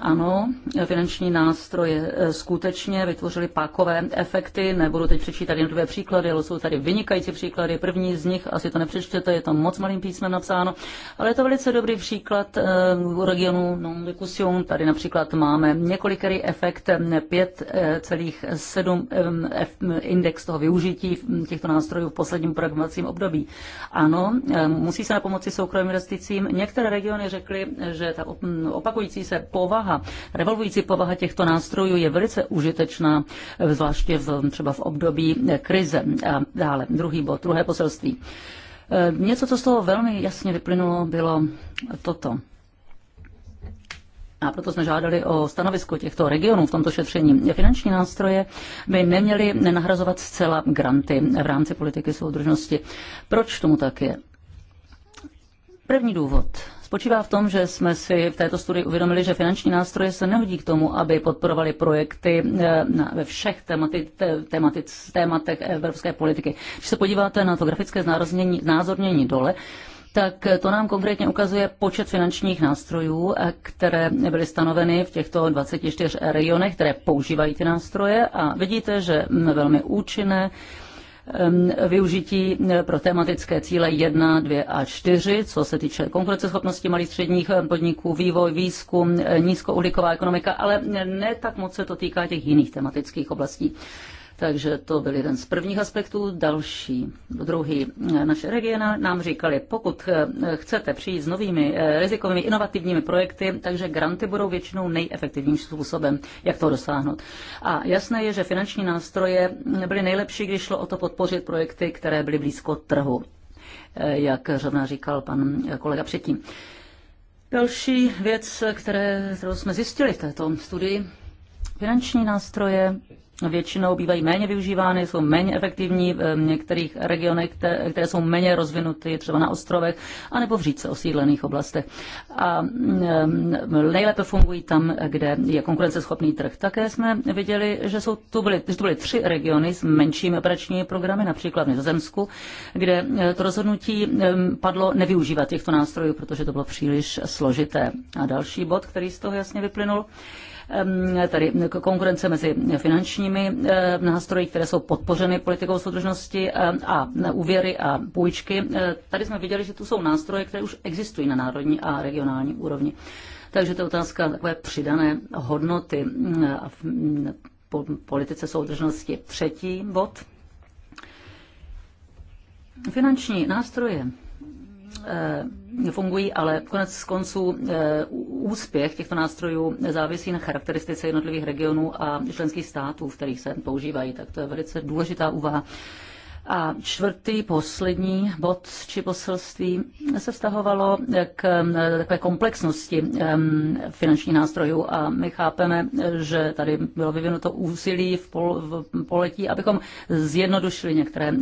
ano, finanční nástroje eh, skutečně vytvořily pákové efekty. Nebudu teď přečítat jednotlivé příklady, ale jsou tady vynikající příklady. První z nich, asi to nepřečtete, je tam moc malým písmem napsáno, ale je to velice dobrý příklad eh, u regionu non-decusion. Tady například máme několikerý efekt 5,7 eh, index toho využití těchto nástrojů v posledním programovacím období. Ano, musí se na pomoci soukromým investicím. Některé regiony řekly, že ta opakující se povaha povaha, revolvující povaha těchto nástrojů je velice užitečná, zvláště v, třeba v období krize. A dále, druhý bod, druhé poselství. E, něco, co z toho velmi jasně vyplynulo, bylo toto. A proto jsme žádali o stanovisko těchto regionů v tomto šetření. Finanční nástroje by neměly nenahrazovat zcela granty v rámci politiky soudržnosti. Proč tomu tak je? První důvod spočívá v tom, že jsme si v této studii uvědomili, že finanční nástroje se nehodí k tomu, aby podporovali projekty eh, ve všech tématy, tématech evropské politiky. Když se podíváte na to grafické znázornění dole, tak to nám konkrétně ukazuje počet finančních nástrojů, eh, které byly stanoveny v těchto 24 regionech, které používají ty nástroje a vidíte, že velmi účinné využití pro tematické cíle 1, 2 a 4, co se týče konkurenceschopnosti malých středních podniků, vývoj, výzkum, nízkouhlíková ekonomika, ale ne tak moc se to týká těch jiných tematických oblastí. Takže to byl jeden z prvních aspektů. Další, druhý, naše regiona nám říkali, pokud eh, chcete přijít s novými eh, rizikovými inovativními projekty, takže granty budou většinou nejefektivnějším způsobem, jak to dosáhnout. A jasné je, že finanční nástroje byly nejlepší, když šlo o to podpořit projekty, které byly blízko trhu, eh, jak zrovna říkal pan kolega předtím. Další věc, které, kterou jsme zjistili v této studii, finanční nástroje většinou bývají méně využívány, jsou méně efektivní v eh, některých regionech, které jsou méně rozvinuty, třeba na ostrovech, anebo v říce osídlených oblastech. A mm, nejlépe fungují tam, kde je konkurenceschopný trh. Také jsme viděli, že jsou tu byly, že tu byly tři regiony s menšími operačními programy, například v Nizozemsku, kde eh, to rozhodnutí mm, padlo nevyužívat těchto nástrojů, protože to bylo příliš složité. A další bod, který z toho jasně vyplynul, tady konkurence mezi finančními nástroji, které jsou podpořeny politikou soudržnosti a úvěry a půjčky. Tady jsme viděli, že tu jsou nástroje, které už existují na národní a regionální úrovni. Takže to je otázka takové přidané hodnoty a v politice soudržnosti. Třetí bod. Finanční nástroje Eh, fungují, ale konec konců eh, úspěch těchto nástrojů závisí na charakteristice jednotlivých regionů a členských států, v kterých se používají. Tak to je velice důležitá úvaha, a čtvrtý, poslední bod či poselství se vztahovalo k takové komplexnosti finančních nástrojů a my chápeme, že tady bylo vyvinuto úsilí v, pol, v poletí, abychom zjednodušili některé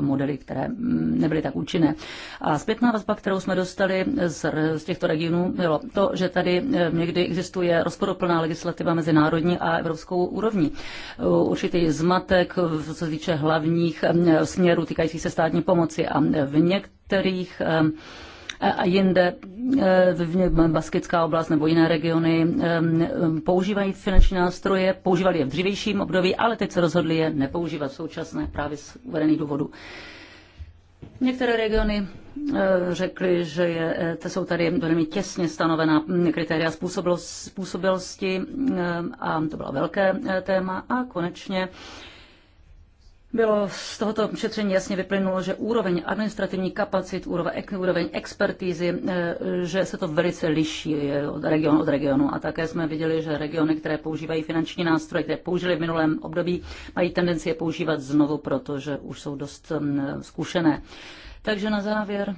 modely, které nebyly tak účinné. A zpětná vazba, kterou jsme dostali z, z těchto regionů, bylo to, že tady někdy existuje rozporuplná legislativa mezi národní a evropskou úrovní. Určitý zmatek, co se týče hlavních směrů týkající se státní pomoci a v některých a jinde eh, v Baskická oblast nebo jiné regiony používají finanční nástroje, používali je v dřívějším období, ale teď se rozhodli je nepoužívat v současné právě z uvedených důvodů. Některé regiony eh, řekly, že je, eh, to jsou tady velmi těsně stanovená hm, kritéria způsobilosti a to bylo velké téma. A konečně bylo z tohoto šetření jasně vyplynulo, že úroveň administrativní kapacit, úroveň expertízy, eh, že se to velice liší eh, od regionu od regionu. A také jsme viděli, že regiony, které používají finanční nástroje, které použili v minulém období, mají tendenci je používat znovu, protože už jsou dost mm, zkušené. Takže na závěr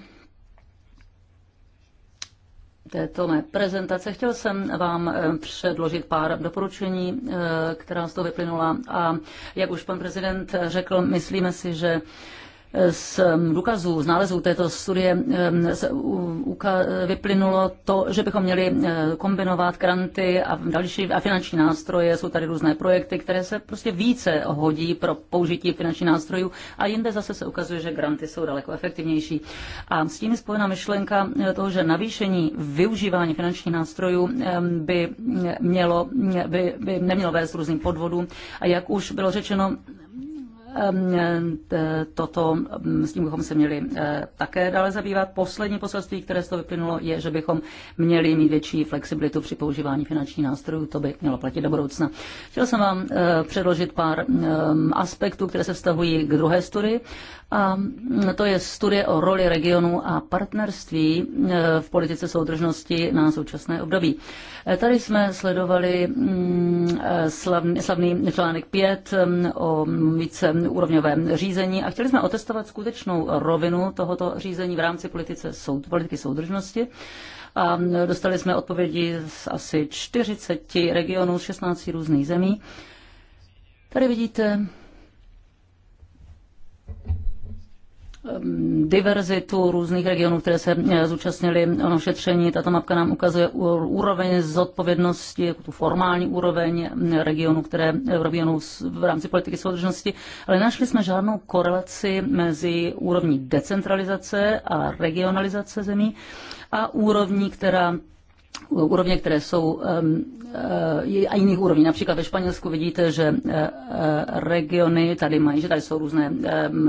této mé prezentace. Chtěl jsem vám eh, předložit pár doporučení, eh, která z toho vyplynula. A jak už pan prezident řekl, myslíme si, že z důkazů, z nálezů této studie vyplynulo to, že bychom měli eh, kombinovat granty a další a finanční nástroje. Jsou tady různé projekty, které se prostě více hodí pro použití finančních nástrojů a jinde zase se ukazuje, že granty jsou daleko efektivnější. A s tím je spojená myšlenka eh, toho, že navýšení využívání finančních nástrojů by, eh, mělo, by, by nemělo vést různým podvodům. A jak už bylo řečeno, Ehm, toto, mm, s tím bychom se měli eh, také dále zabývat. Poslední poselství, které z toho vyplynulo, je, že bychom měli mít větší flexibilitu při používání finančních nástrojů. To by mělo platit do budoucna. Chtěl jsem vám eh, předložit pár ehm, aspektů, které se vztahují k druhé studii. A mm, to je studie o roli regionu a partnerství eh, v politice soudržnosti na současné období. Tady jsme sledovali mm, slavný, slavný článek 5 ehm, o více úrovňové řízení a chtěli jsme otestovat skutečnou rovinu tohoto řízení v rámci politice soud, politiky soudržnosti. A dostali jsme odpovědi z asi 40 regionů z 16 různých zemí. Tady vidíte Um, diverzitu různých regionů, které se eh, zúčastnili ono šetření. Tato mapka nám ukazuje úroveň zodpovědnosti, jako tu formální úroveň mm, regionů, které eh, v regionu v rámci politiky soudržnosti, ale našli jsme žádnou korelaci mezi úrovní decentralizace a regionalizace zemí a úrovní, která úrovně, které jsou eh, a jiných úrovní. Například ve Španělsku vidíte, že eh, eh, regiony tady mají, že tady jsou různé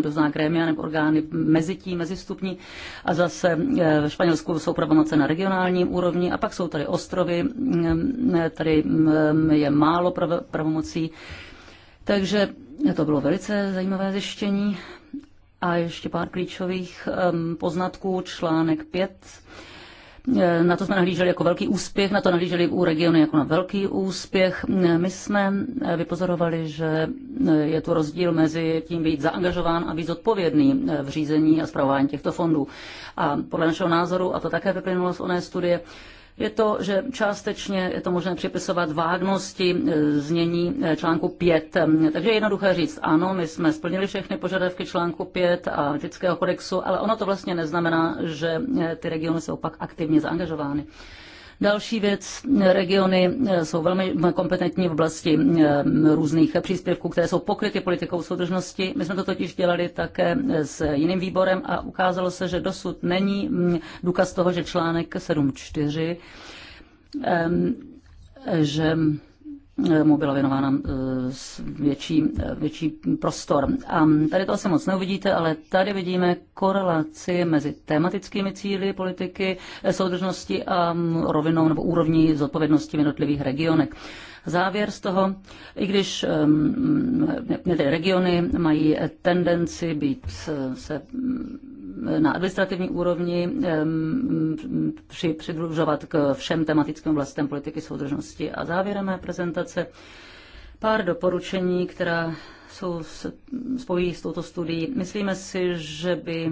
různá grémia nebo orgány mezi tím, mezi stupní a zase ve Španělsku jsou pravomoce na regionální úrovni a pak jsou tady ostrovy, tady je málo pravomocí. Takže to bylo velice zajímavé zjištění. A ještě pár klíčových poznatků, článek 5 Eh, na to jsme nahlíželi jako velký úspěch, na to nahlíželi u regionu jako na velký úspěch. Eh, my jsme eh, vypozorovali, že je tu rozdíl mezi tím být zaangažován a být zodpovědný v řízení a zpravování těchto fondů. A podle našeho názoru, a to také vyplynulo z oné studie, je to, že částečně je to možné připisovat vágnosti e, znění e, článku 5. E, takže je jednoduché říct, ano, my jsme splnili všechny požadavky článku 5 a etického kodexu, ale ono to vlastně neznamená, že ty regiony jsou pak aktivně zaangažovány. Další věc, regiony eh, jsou velmi kompetentní v oblasti eh, různých příspěvků, které jsou pokryty politikou soudržnosti. My jsme to totiž dělali také eh, s jiným výborem a ukázalo se, že dosud není mm, důkaz toho, že článek 7.4 ehm, že Eh, mu byla věnována eh, větší, eh, větší prostor. A tady to asi moc neuvidíte, ale tady vidíme korelaci mezi tematickými cíly politiky soudržnosti a mm, rovinou nebo úrovní zodpovědnosti v jednotlivých regionek. Závěr z toho, i když um, regiony mají tendenci být se mm, na administrativní úrovni při, přidružovat k všem tematickým oblastem politiky soudržnosti. A závěrem mé prezentace pár doporučení, která jsou, spojí s touto studií. Myslíme si, že by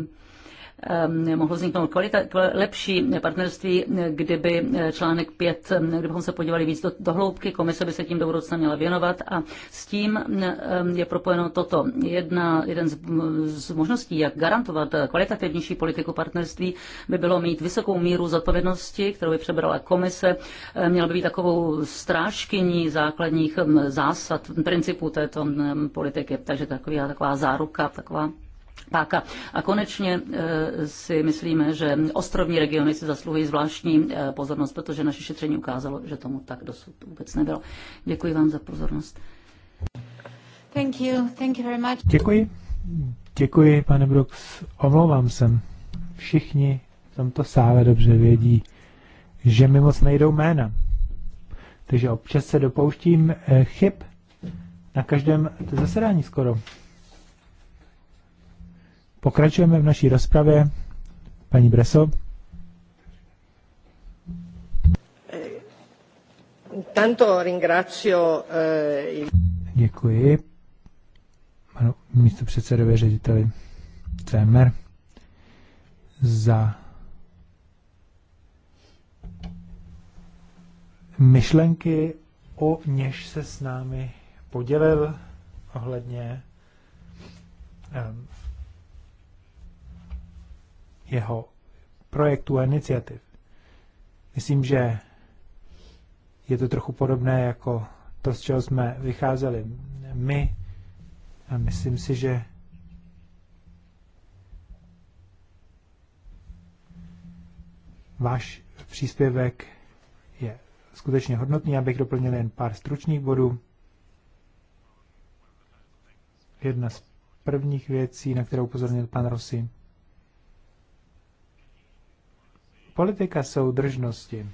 Ehm, mohlo vzniknout kvalita, lepší partnerství, kdyby eh, článek 5, ehm, kdybychom se podívali víc do, do hloubky, komise by se tím do budoucna měla věnovat a s tím ehm, je propojeno toto. Jedna, jeden z, z možností, jak garantovat eh, kvalitativnější politiku partnerství, by bylo mít vysokou míru zodpovědnosti, kterou by přebrala komise, eh, měla by být takovou strážkyní základních zásad, principů této politiky, takže taková, taková záruka, taková Páka. A konečně e, si myslíme, že ostrovní regiony si zasluhují zvláštní e, pozornost, protože naše šetření ukázalo, že tomu tak dosud vůbec nebylo. Děkuji vám za pozornost. Thank you. Thank you very much. Děkuji. Děkuji, pane Brooks. Omlouvám se. Všichni v tomto sále dobře vědí, že mi moc nejdou jména. Takže občas se dopouštím e, chyb na každém zasedání skoro. Pokračujeme v naší rozpravě. Paní Breso. Tanto ringrazio... Eh, Děkuji panu místo předsedové řediteli CMR za myšlenky, o něž se s námi podělil ohledně eh, jeho projektů a iniciativ. Myslím, že je to trochu podobné jako to, z čeho jsme vycházeli my. A myslím si, že váš příspěvek je skutečně hodnotný. Abych doplnil jen pár stručných bodů. Jedna z prvních věcí, na kterou upozornil pan Rossi, Politika soudržnosti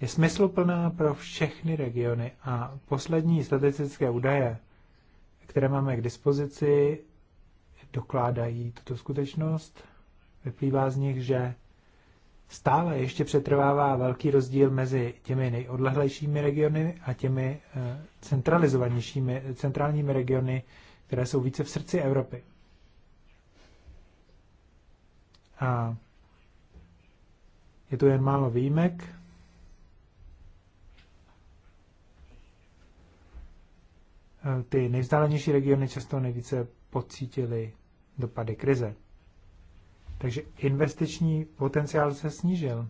je smysluplná pro všechny regiony a poslední statistické údaje, které máme k dispozici, dokládají tuto skutečnost. Vyplývá z nich, že stále ještě přetrvává velký rozdíl mezi těmi nejodlehlejšími regiony a těmi eh, centralizovanějšími, centrálními regiony, které jsou více v srdci Evropy. A je tu jen málo výjimek. E, ty nejvzdálenější regiony často nejvíce pocítily dopady krize. Takže investiční potenciál se snížil.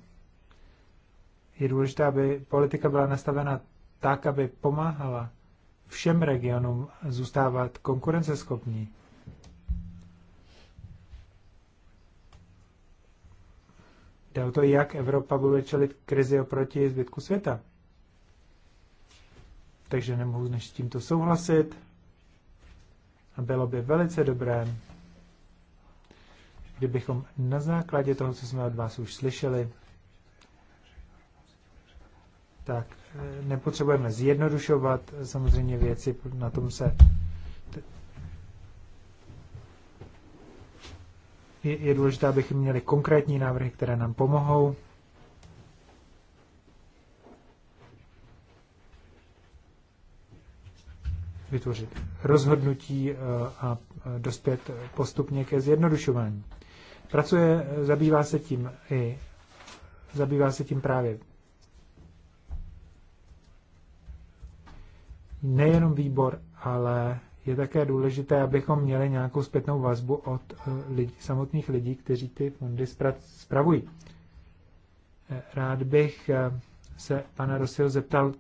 Je důležité, aby politika byla nastavena tak, aby pomáhala všem regionům zůstávat konkurenceschopní Jde o to, jak Evropa bude čelit krizi oproti zbytku světa. Takže nemohu než s tímto souhlasit. A bylo by velice dobré, kdybychom na základě toho, co jsme od vás už slyšeli, tak eh, nepotřebujeme zjednodušovat samozřejmě věci, na tom se je, je důležité, abychom měli konkrétní návrhy, které nám pomohou. vytvořit rozhodnutí eh, a eh, dospět postupně ke zjednodušování. Pracuje, zabývá se tím i zabývá se tím právě nejenom výbor, ale je také důležité, abychom měli nějakou zpětnou vazbu od eh, lidí, samotných lidí, kteří ty fondy spravují. Eh, rád bych eh, se pana Rosil zeptal,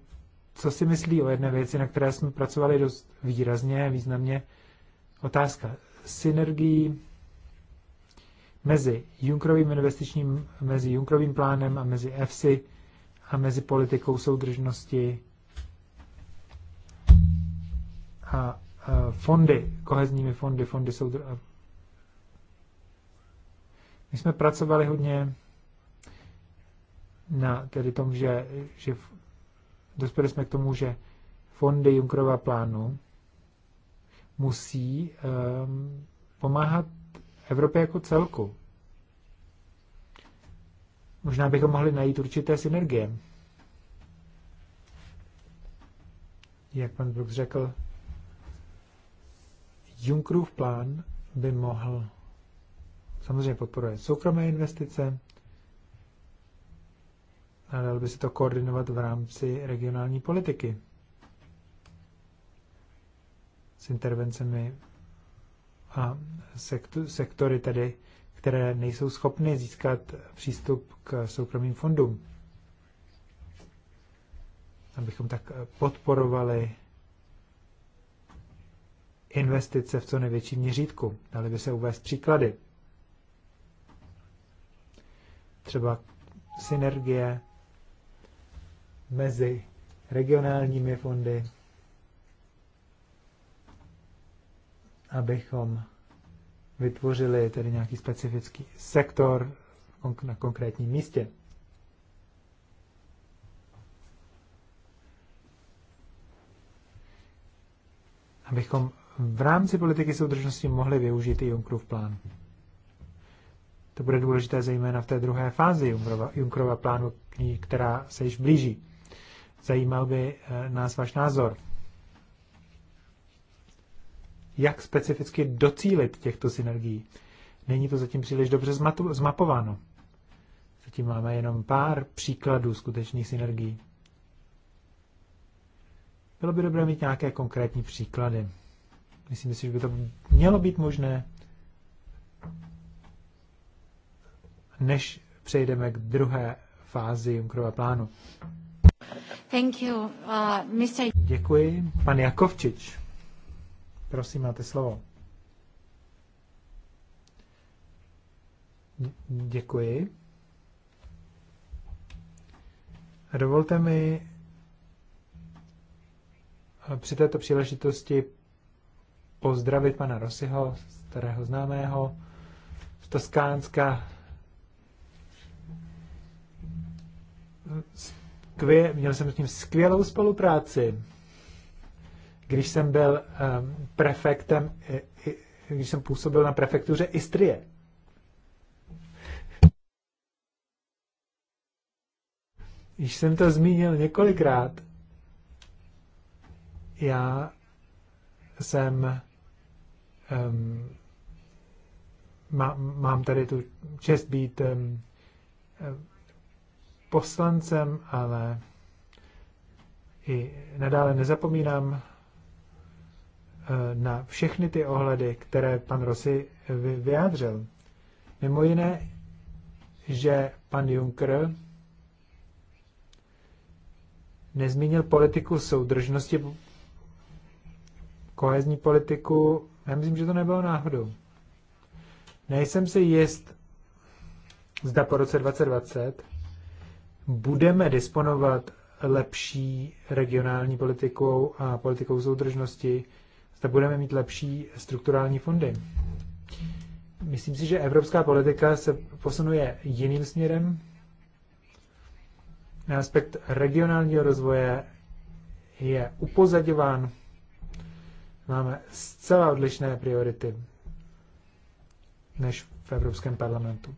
co si myslí o jedné věci, na které jsme pracovali dost výrazně, významně. Otázka synergií mezi Junkrovým investičním, mezi Junkrovým plánem a mezi EFSI a mezi politikou soudržnosti a Eh, fondy, kohezními fondy, fondy jsou... Eh. My jsme pracovali hodně na tedy tom, že, že dospěli jsme k tomu, že fondy Junkerova plánu musí um, pomáhat Evropě jako celku. Možná bychom mohli najít určité synergie. Jak pan Brooks řekl, Junckerův plán by mohl samozřejmě podporovat soukromé investice, ale dalo by se to koordinovat v rámci regionální politiky s intervencemi a sektory tedy, které nejsou schopny získat přístup k soukromým fondům. Abychom tak podporovali investice v co největším měřítku. Dali by se uvést příklady. Třeba synergie mezi regionálními fondy, abychom vytvořili tedy nějaký specifický sektor na konkrétním místě. Abychom v rámci politiky soudržnosti mohli využít i Junckerův plán. To bude důležité zejména v té druhé fázi Junckerova, plánu, která se již blíží. Zajímal by eh, nás váš názor. Jak specificky docílit těchto synergií? Není to zatím příliš dobře zmapováno. Zatím máme jenom pár příkladů skutečných synergií. Bylo by dobré mít nějaké konkrétní příklady. Myslím si, že by to mělo být možné, než přejdeme k druhé fázi Junckerova plánu. Thank you, uh, Mr. Děkuji. Pan Jakovčič, prosím, máte slovo. Děkuji. A dovolte mi eh, při této příležitosti pozdravit pana Rosiho, starého známého z Toskánska. Skvě, měl jsem s ním skvělou spolupráci. Když jsem byl um, prefektem, i, e, i, když jsem působil na prefektuře Istrie. Již jsem to zmínil několikrát. Já jsem um, má, mám tady tu čest být um, poslancem, ale i nadále nezapomínám na všechny ty ohledy, které pan Rossi vyjádřil. Mimo jiné, že pan Juncker nezmínil politiku soudržnosti, kohezní politiku já myslím, že to nebylo náhodou. Nejsem si jist, zda po roce 2020 budeme disponovat lepší regionální politikou a politikou soudržnosti, zda budeme mít lepší strukturální fondy. Myslím si, že evropská politika se posunuje jiným směrem. Aspekt regionálního rozvoje je upozaděván máme zcela odlišné priority než v Evropském parlamentu.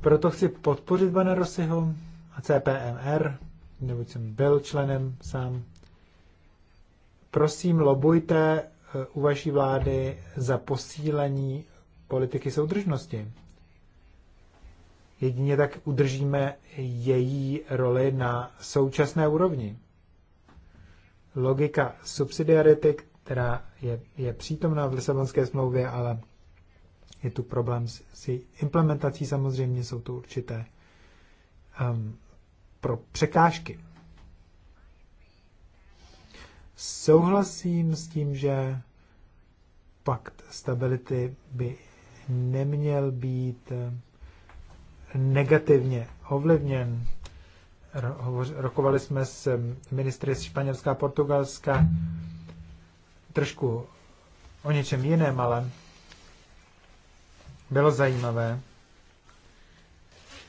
Proto chci podpořit pana Rosyho a CPMR, neboť jsem byl členem sám. Prosím, lobujte eh, u vaší vlády za posílení politiky soudržnosti. Jedině tak udržíme její roli na současné úrovni logika subsidiarity, která je, je přítomná v Lisabonské smlouvě, ale je tu problém s, s implementací samozřejmě, jsou tu určité um, pro překážky. Souhlasím s tím, že pakt stability by neměl být eh, negativně ovlivněn rokovali jsme s ministry z Španělska a Portugalska trošku o něčem jiném, ale bylo zajímavé,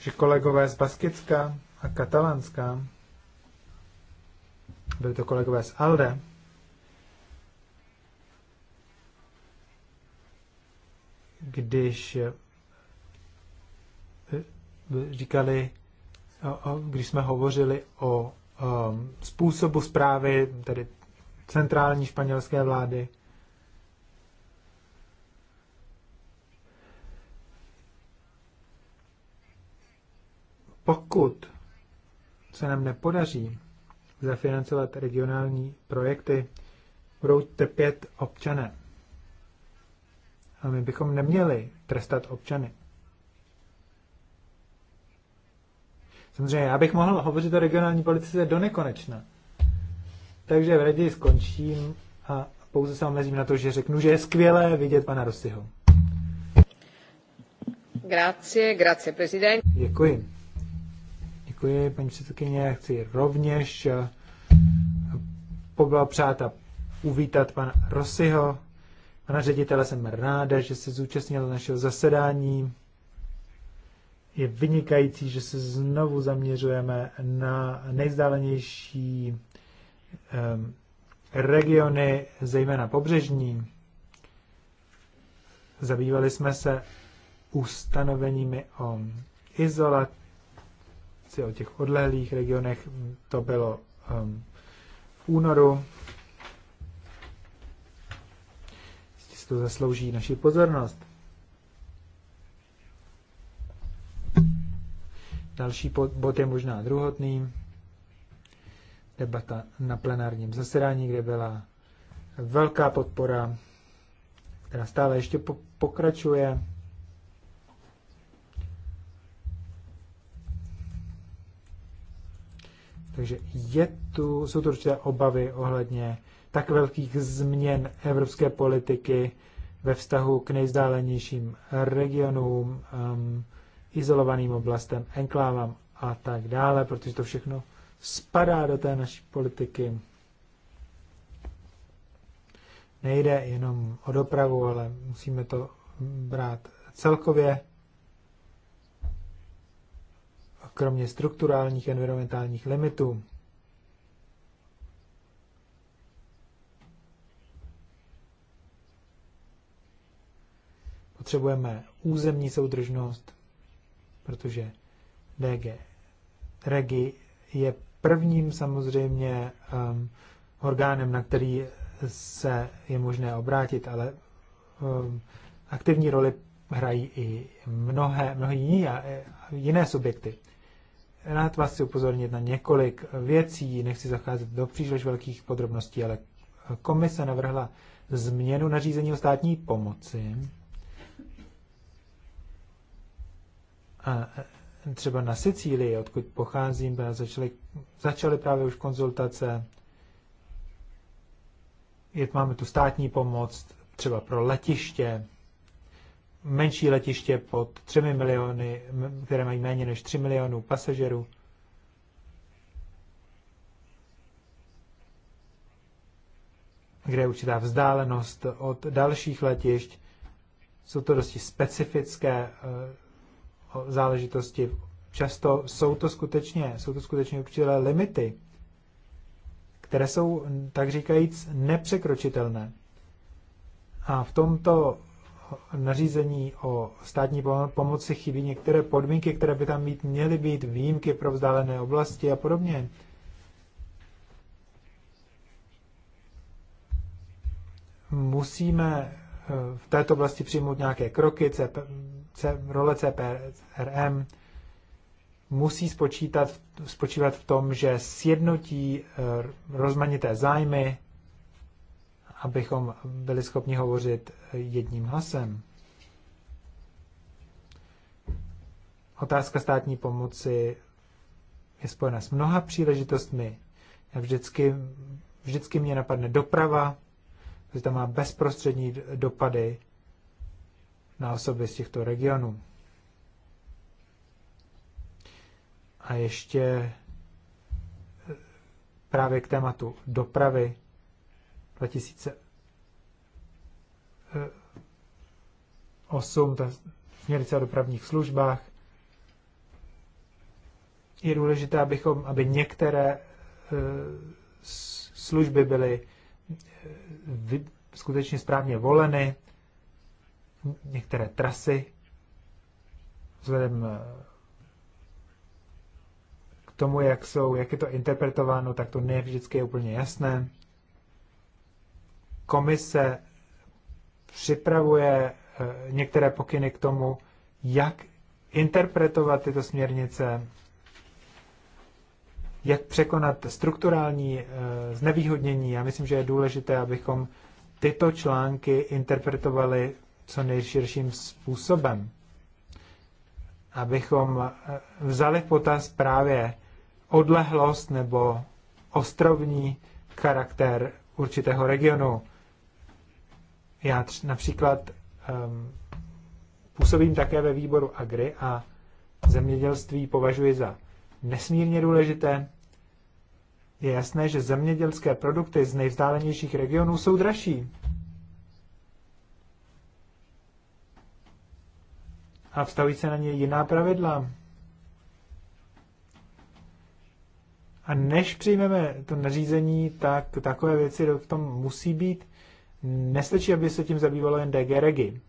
že kolegové z Baskicka a Katalánska, byli to kolegové z ALDE, když eh, říkali, když jsme hovořili o způsobu zprávy, tedy centrální španělské vlády, pokud se nám nepodaří zafinancovat regionální projekty, budou trpět občané. A my bychom neměli trestat občany. Samozřejmě, já bych mohl hovořit o regionální politice do nekonečna. Takže v raději skončím a pouze se omezím na to, že řeknu, že je skvělé vidět pana Rosyho. Grazie, grazie, prezident. Děkuji. Děkuji, paní předsedkyně. Já chci rovněž eh, poblahopřát a uvítat pana Rosyho. Pana ředitele jsem ráda, že se zúčastnil našeho zasedání je vynikající, že se znovu zaměřujeme na nejzdálenější ehm, regiony, zejména pobřežní. Zabývali jsme se ustanoveními o izolaci, o těch odlehlých regionech. To bylo ehm, v únoru. Jistě to zaslouží naši pozornost. Další bod je možná druhotný. Debata na plenárním zasedání, kde byla velká podpora, která stále ještě pokračuje. Takže je tu, jsou tu určité obavy ohledně tak velkých změn evropské politiky ve vztahu k nejzdálenějším regionům, um, izolovaným oblastem, enklávám a tak dále, protože to všechno spadá do té naší politiky. Nejde jenom o dopravu, ale musíme to brát celkově. Kromě strukturálních environmentálních limitů, potřebujeme územní soudržnost, protože DG Regi je prvním samozřejmě um, orgánem, na který se je možné obrátit, ale um, aktivní roli hrají i mnohé, mnohé jiné, jiné subjekty. Rád vás chci upozornit na několik věcí, nechci zacházet do příliš velkých podrobností, ale komise navrhla změnu nařízení o státní pomoci, A e, třeba na Sicílii, odkud pocházím, začaly, začaly právě už konzultace. Je, máme tu státní pomoc, třeba pro letiště, menší letiště pod 3 miliony, které mají méně než 3 milionů pasažerů. kde je určitá vzdálenost od dalších letišť. Jsou to dosti specifické e, záležitosti. Často jsou to skutečně, jsou to skutečně určité limity, které jsou, tak říkajíc, nepřekročitelné. A v tomto nařízení o státní pomoci chybí některé podmínky, které by tam mít, měly být výjimky pro vzdálené oblasti a podobně. Musíme eh, v této oblasti přijmout nějaké kroky, role CPRM musí spočítat, spočívat v tom, že sjednotí eh, rozmanité zájmy, abychom byli schopni hovořit eh, jedním hlasem. Otázka státní pomoci je spojena s mnoha příležitostmi. vždycky, vždycky mě napadne doprava, protože tam má bezprostřední dopady na osoby z těchto regionů. A ještě eh, právě k tématu dopravy 2008, eh, ta směrnice o dopravních službách, je důležité, abychom, aby některé eh, služby byly skutečně správně voleny, některé trasy, vzhledem eh, k tomu, jak, jsou, jak je to interpretováno, tak to ne vždycky je úplně jasné. Komise připravuje eh, některé pokyny k tomu, jak interpretovat tyto směrnice, jak překonat strukturální eh, znevýhodnění. Já myslím, že je důležité, abychom tyto články interpretovali co nejširším způsobem, abychom eh, vzali v potaz právě odlehlost nebo ostrovní charakter určitého regionu. Já tř- například um, působím také ve výboru Agri a zemědělství považuji za nesmírně důležité. Je jasné, že zemědělské produkty z nejvzdálenějších regionů jsou dražší. a vstaví se na ně jiná pravidla. A než přijmeme to nařízení, tak takové věci v tom musí být. Nestačí, aby se tím zabývalo jen DG Regi.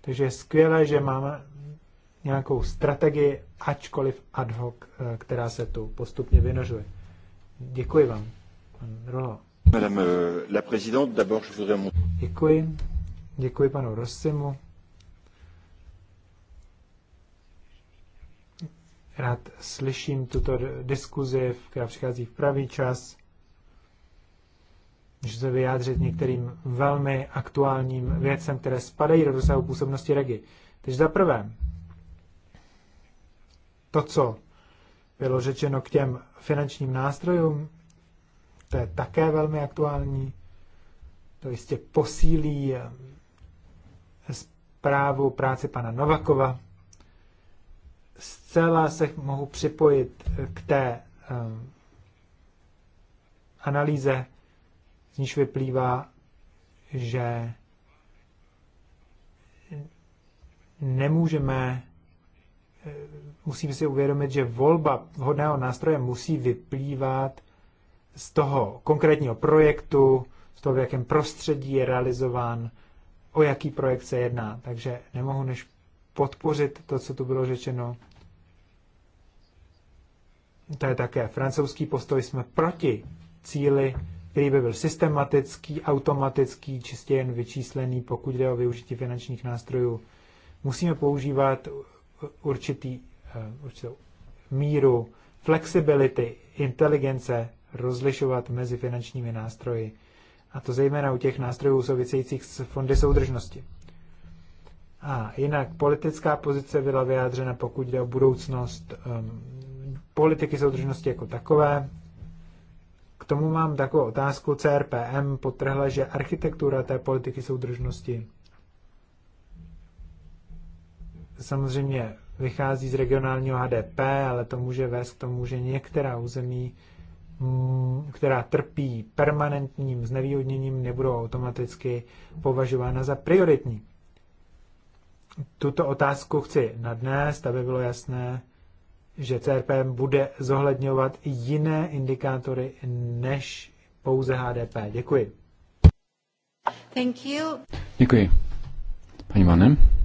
Takže je skvělé, že máme nějakou strategii, ačkoliv ad hoc, eh, která se tu postupně vynožuje. Děkuji vám, pan Rolo. Madame eh, la présidente, d'abord je voudrais Děkuji. Děkuji panu Rosimu. Rád slyším tuto diskuzi, která přichází v pravý čas. Můžu se vyjádřit některým velmi aktuálním věcem, které spadají do dosahu působnosti regi. Takže za prvé, to, co bylo řečeno k těm finančním nástrojům, to je také velmi aktuální. To jistě posílí eh, zprávu práce pana Novakova. Zcela se mohu připojit eh, k té eh, analýze, z níž vyplývá, že nemůžeme, musíme si uvědomit, že volba vhodného nástroje musí vyplývat z toho konkrétního projektu, v to, v jakém prostředí je realizován, o jaký projekt se jedná. Takže nemohu než podpořit to, co tu bylo řečeno. To je také francouzský postoj. Jsme proti cíli, který by byl systematický, automatický, čistě jen vyčíslený, pokud jde o využití finančních nástrojů. Musíme používat určitý, eh, určitou míru flexibility, inteligence, rozlišovat mezi finančními nástroji a to zejména u těch nástrojů souvisejících s fondy soudržnosti. A jinak politická pozice byla vyjádřena, pokud jde o budoucnost um, politiky soudržnosti jako takové. K tomu mám takovou otázku. CRPM potrhla, že architektura té politiky soudržnosti samozřejmě vychází z regionálního HDP, ale to může vést k tomu, že některá území Mm, která trpí permanentním znevýhodněním, nebudou automaticky považována za prioritní. Tuto otázku chci nadnést, aby bylo jasné, že CRPM bude zohledňovat jiné indikátory než pouze HDP. Děkuji. Thank you. Děkuji. Paní Manem.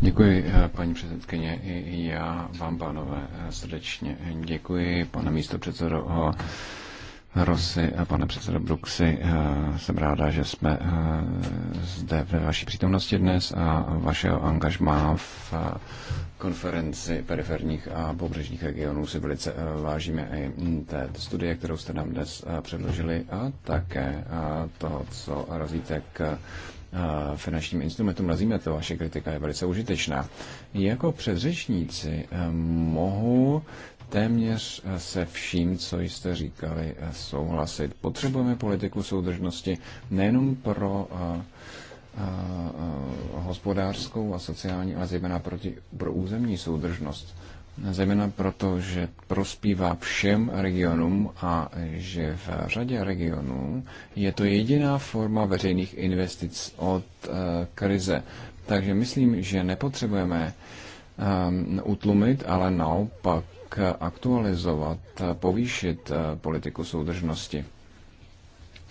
Děkuji, eh, paní předsedkyně. I já vám, pánové, eh, srdečně děkuji, pane místo předsedo eh, Rosy a pane předsedo Bruxy. Jsem ráda, že jsme zde ve vaší přítomnosti dnes a vašeho angažmá v konferenci periferních a pobřežních regionů si velice vážíme i mm, té studie, kterou jste nám dnes předložili a také toho, co razíte k Eh, finančním instrumentům nazvíme to, vaše kritika je velice užitečná. Jako předřečníci eh, mohu téměř eh, se vším, co jste říkali, souhlasit. Potřebujeme politiku soudržnosti nejenom pro hospodářskou a sociální, ale zejména pro územní soudržnost zejména proto, že prospívá všem regionům a že v řadě regionů je to jediná forma veřejných investic od eh, krize. Takže myslím, že nepotřebujeme ehm, utlumit, ale naopak aktualizovat, eh, povýšit eh, politiku soudržnosti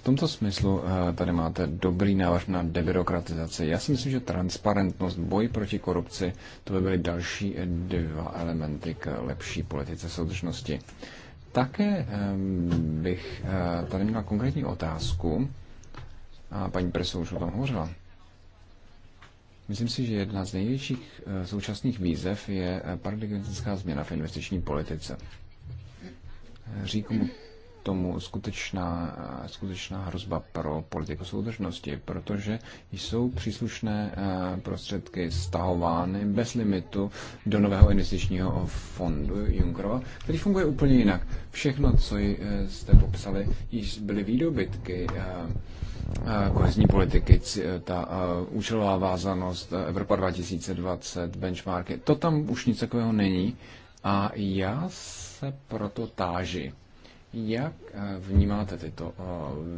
tomto smyslu eh, tady máte dobrý návrh na debirokratizaci. Já si myslím, že transparentnost, boj proti korupci, to by byly další eh, dva elementy k lepší politice soudržnosti. Také ehm, bych eh, tady měla konkrétní otázku, a paní Preso už o tom hovořila. Myslím si, že jedna z největších současných výzev je paradigmatická změna v investiční politice. Říkám tomu skutečná, eh, skutečná hrozba pro politiku soudržnosti, protože jsou příslušné eh, prostředky stahovány bez limitu do nového investičního fondu Junckerova, který funguje úplně jinak. Všechno, co eh, jste popsali, již byly výdobytky kohezní politiky, ta účelová vázanost Evropa 2020, benchmarky, to tam už nic takového není. A já se proto táži, jak eh, vnímáte tyto eh,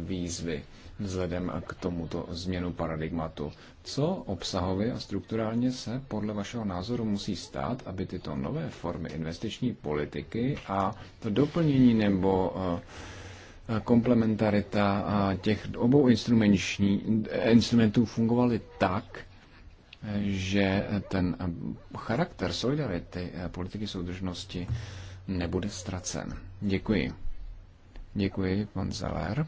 výzvy vzhledem k tomuto změnu paradigmatu? Co obsahově a strukturálně se podle vašeho názoru musí stát, aby tyto nové formy investiční politiky a to doplnění nebo eh, komplementarita těch obou instrumentů fungovaly tak, že ten charakter solidarity politiky soudržnosti nebude ztracen. Děkuji. Děkuji, pan Zeller.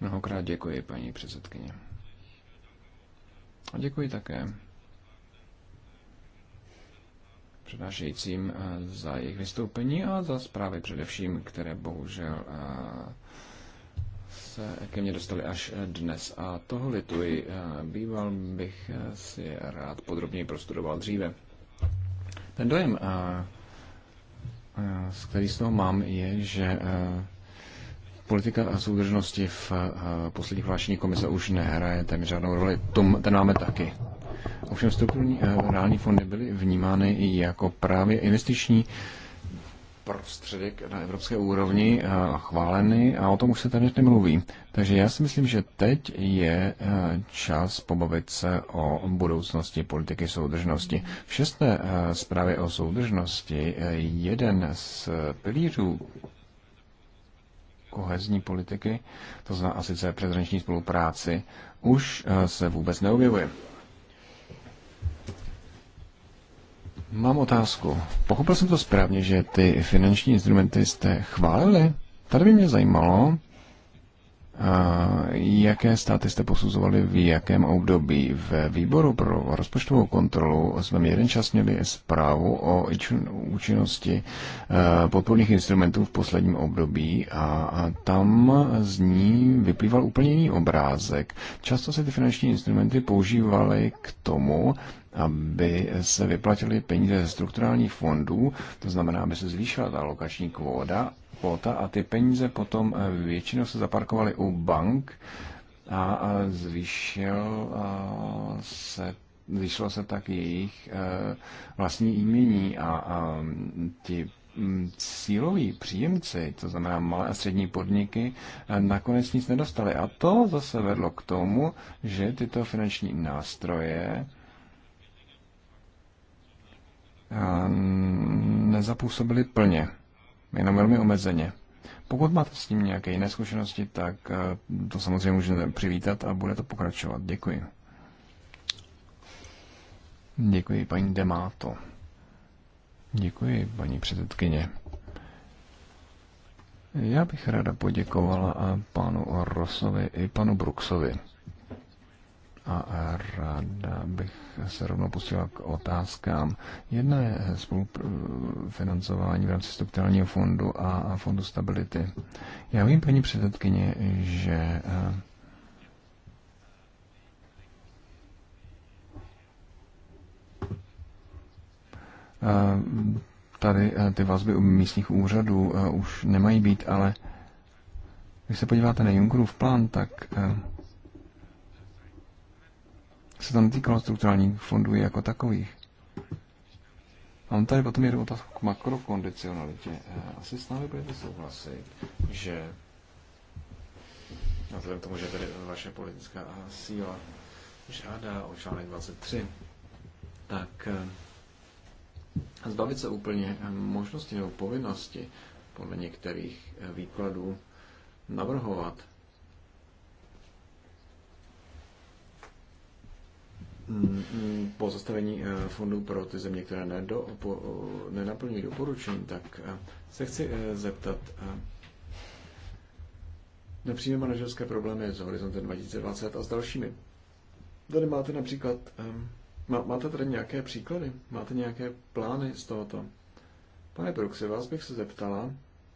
Mnohokrát děkuji, paní předsedkyně. A děkuji také přednášejícím eh, za jejich vystoupení a za zprávy především, které bohužel eh, se ke mně dostali až eh, dnes a toho lituji. Býval bych si rád podrobněji prostudoval dříve. Ten dojem, Eh, který z toho mám, je, že eh, politika soudržnosti v eh, posledních vlášení komise už nehraje téměř žádnou roli. Tom, ten máme taky. Ovšem strukturní reální fondy byly vnímány i jako právě investiční prostředek na evropské úrovni eh, chváleny a o tom už se tady nemluví. Takže já si myslím, že teď je eh, čas pobavit se o budoucnosti politiky soudržnosti. V šesté eh, zprávě o soudržnosti jeden z pilířů kohezní politiky, to znamená asi sice přeshraniční spolupráci, už se vůbec neobjevuje. Mám otázku. Pochopil jsem to správně, že ty finanční instrumenty jste chválili? Tady by mě zajímalo, Jaké státy jste posuzovali v jakém období? V výboru pro rozpočtovou kontrolu jsme jeden čas měli zprávu o účinnosti e, podporných instrumentů v posledním období a tam z ní vyplýval úplně jiný obrázek. Často se ty finanční instrumenty používaly k tomu, aby se vyplatily peníze ze strukturálních fondů, to znamená, aby se zvýšila ta lokační kvóda kvóta a ty peníze potom eh, většinou se zaparkovaly u bank a zvýšil se zvýšilo se tak jejich eh, vlastní jmění a ti mm, cíloví příjemci, to znamená malé a střední podniky, eh, nakonec nic nedostali. A to zase vedlo k tomu, že tyto finanční nástroje nezapůsobily plně jenom velmi omezeně. Pokud máte s tím nějaké jiné zkušenosti, tak eh, to samozřejmě můžete přivítat a bude to pokračovat. Děkuji. Děkuji, paní Demáto. Děkuji, paní předsedkyně. Já bych ráda poděkovala a panu Rosovi i panu Bruxovi a ráda bych se rovnou pustila k otázkám. Jedna je spolufinancování v rámci strukturálního fondu a fondu stability. Já vím, paní předsedkyně, že eh, tady eh, ty vazby u místních úřadů eh, už nemají být, ale když se podíváte na Junckerův plán, tak se to netýkalo strukturálních fondů jako takových. Mám tady potom jednu otázku k makrokondicionalitě. Eh, asi s námi budete souhlasit, že na vzhledem k tomu, že tady vaše politická síla žádá o článek 23, tak eh, zbavit se úplně eh, možnosti nebo povinnosti podle některých výkladů navrhovat pozastavení eh, fondů pro ty země, které nedo, po, eh, nenaplňují doporučení, tak eh, se chci zeptat, na manažerské problémy s Horizontem 2020 a s dalšími. Tady máte například, ehm, máte tady nějaké příklady? Máte nějaké plány z tohoto? Pane Bruxy, vás bych se zeptala,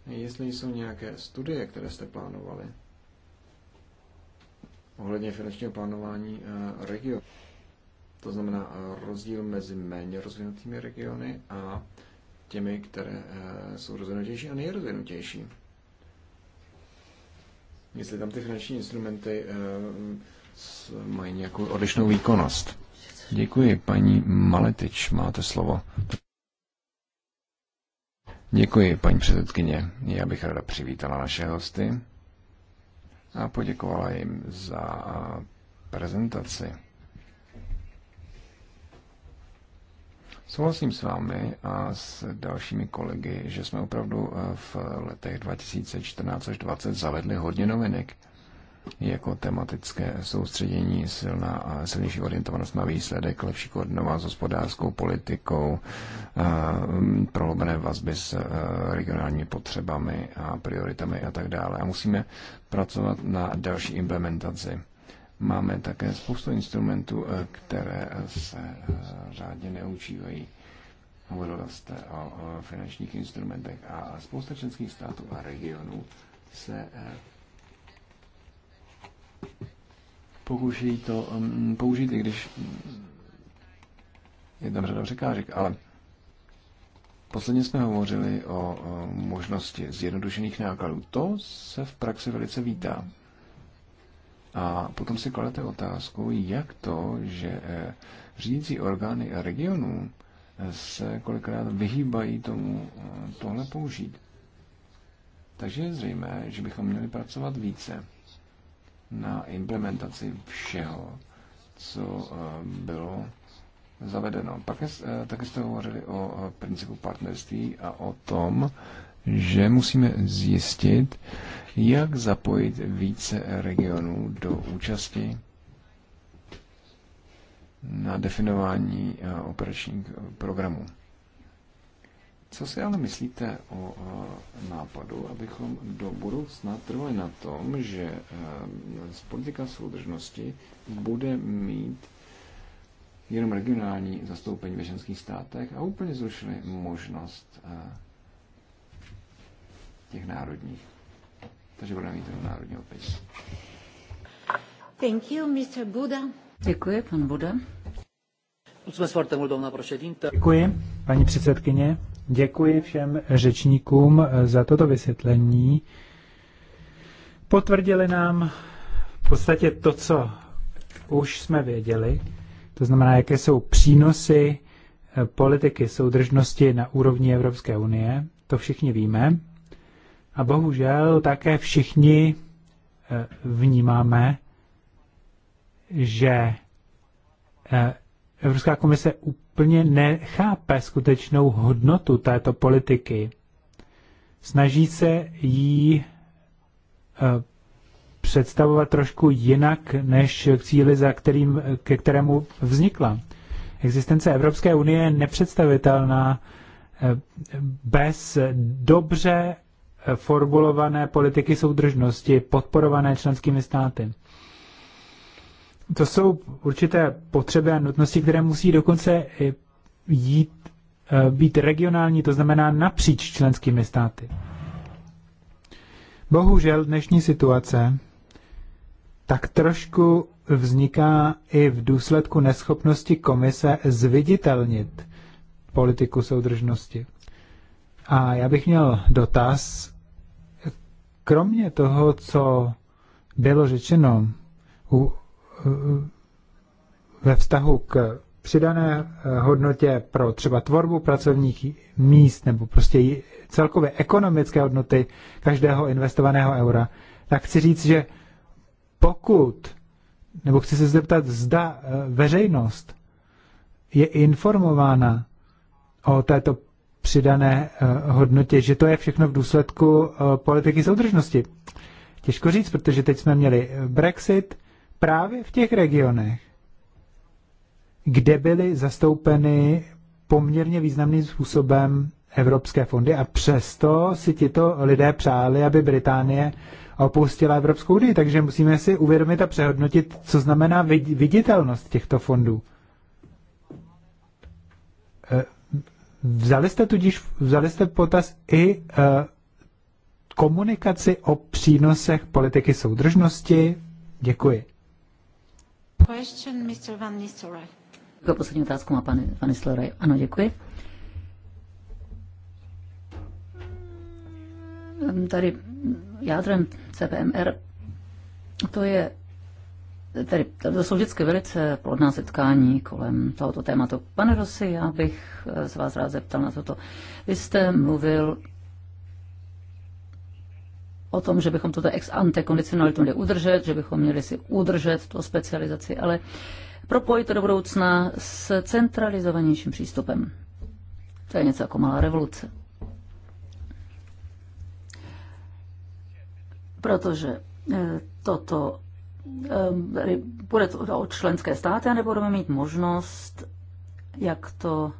jestli jsou nějaké studie, které jste plánovali ohledně finančního plánování regionu. To znamená eh, rozdíl mezi méně rozvinutými regiony a těmi, které eh, jsou rozvinutější a nejrozvinutější. Jestli tam ty finanční instrumenty eh, mají nějakou odlišnou výkonnost. Děkuji, paní Maletič, máte slovo. Děkuji, paní předsedkyně. Já bych ráda přivítala naše hosty a poděkovala jim za prezentaci. Souhlasím s vámi a s dalšími kolegy, že jsme opravdu eh, v letech 2014 až 2020 zavedli hodně novinek jako tematické soustředění, silná a eh, silnější orientovanost na výsledek, lepší koordinovat s hospodářskou politikou, eh, prohloubené vazby s regionálními potřebami a prioritami a tak dále. A musíme pracovat na další implementaci Máme také spoustu instrumentů, eh, které se eh, řádně neučívají. Hovořil jste o finančních instrumentech a spousta členských států a regionů se eh, pokoušejí to mm, použít, i když je tam řada překážek, ale posledně jsme hovořili o, o možnosti zjednodušených nákladů. To se v praxi velice vítá. A potom si kladete otázku, jak to, že eh, řídící orgány regionů eh, se kolikrát vyhýbají tomu eh, tohle použít. Takže je zřejmé, že bychom měli pracovat více na implementaci všeho, co bylo zavedeno. Pak je, také jste hovořili o principu partnerství a o tom, že musíme zjistit, jak zapojit více regionů do účasti na definování eh, operačních programů. Co si ale myslíte o eh, nápadu, abychom do budoucna trvali na tom, že eh, z politika soudržnosti bude mít jenom regionální zastoupení ve ženských státech a úplně zrušili možnost těch národních. Takže budeme mít ten národní opět. Thank you, Mr. Buda. Děkuji, pan Buda. Děkuji, paní předsedkyně. Děkuji všem řečníkům za toto vysvětlení. Potvrdili nám v podstatě to, co už jsme věděli, to znamená, jaké jsou přínosy eh, politiky soudržnosti na úrovni Evropské unie. To všichni víme. A bohužel také všichni eh, vnímáme, že eh, Evropská komise úplně nechápe skutečnou hodnotu této politiky. Snaží se jí eh, představovat trošku jinak než k cíli, za kterým, ke kterému vznikla. Existence Evropské unie je nepředstavitelná bez dobře formulované politiky soudržnosti podporované členskými státy. To jsou určité potřeby a nutnosti, které musí dokonce jít, e, být regionální, to znamená napříč členskými státy. Bohužel dnešní situace tak trošku vzniká i v důsledku neschopnosti komise zviditelnit politiku soudržnosti. A já bych měl dotaz kromě toho, co bylo řečeno u, ve vztahu k přidané hodnotě pro třeba tvorbu pracovních míst nebo prostě celkově ekonomické hodnoty každého investovaného eura, tak chci říct, že pokud, nebo chci se zeptat, zda e, veřejnost je informována o této přidané eh, hodnotě, že to je všechno v důsledku eh, politiky soudržnosti. Těžko říct, protože teď jsme měli eh, Brexit právě v těch regionech, kde byly zastoupeny poměrně významným způsobem evropské fondy a přesto si tito lidé přáli, aby Británie opustila Evropskou unii, takže musíme si uvědomit a přehodnotit, co znamená viditelnost těchto fondů. Vzali jste tudíž, vzali jste potaz i eh, komunikaci o přínosech politiky soudržnosti? Děkuji. Question, Mr. Van Nistelrooy. Jako poslední otázku má pan Van Nistelrooy. Ano, děkuji. Tady jádrem CPMR, to je Tedy to jsou vždycky velice plodná setkání kolem tohoto tématu. Pane Rosy, já bych eh, se vás rád zeptal na toto. Vy jste mluvil o tom, že bychom toto ex ante kondicionalitu měli udržet, že bychom měli si udržet tu specializaci, ale propojit to do budoucna s centralizovanějším přístupem. To je něco jako malá revoluce. Protože eh, toto bude ehm, to od členské státy, anebo budeme mít možnost, jak to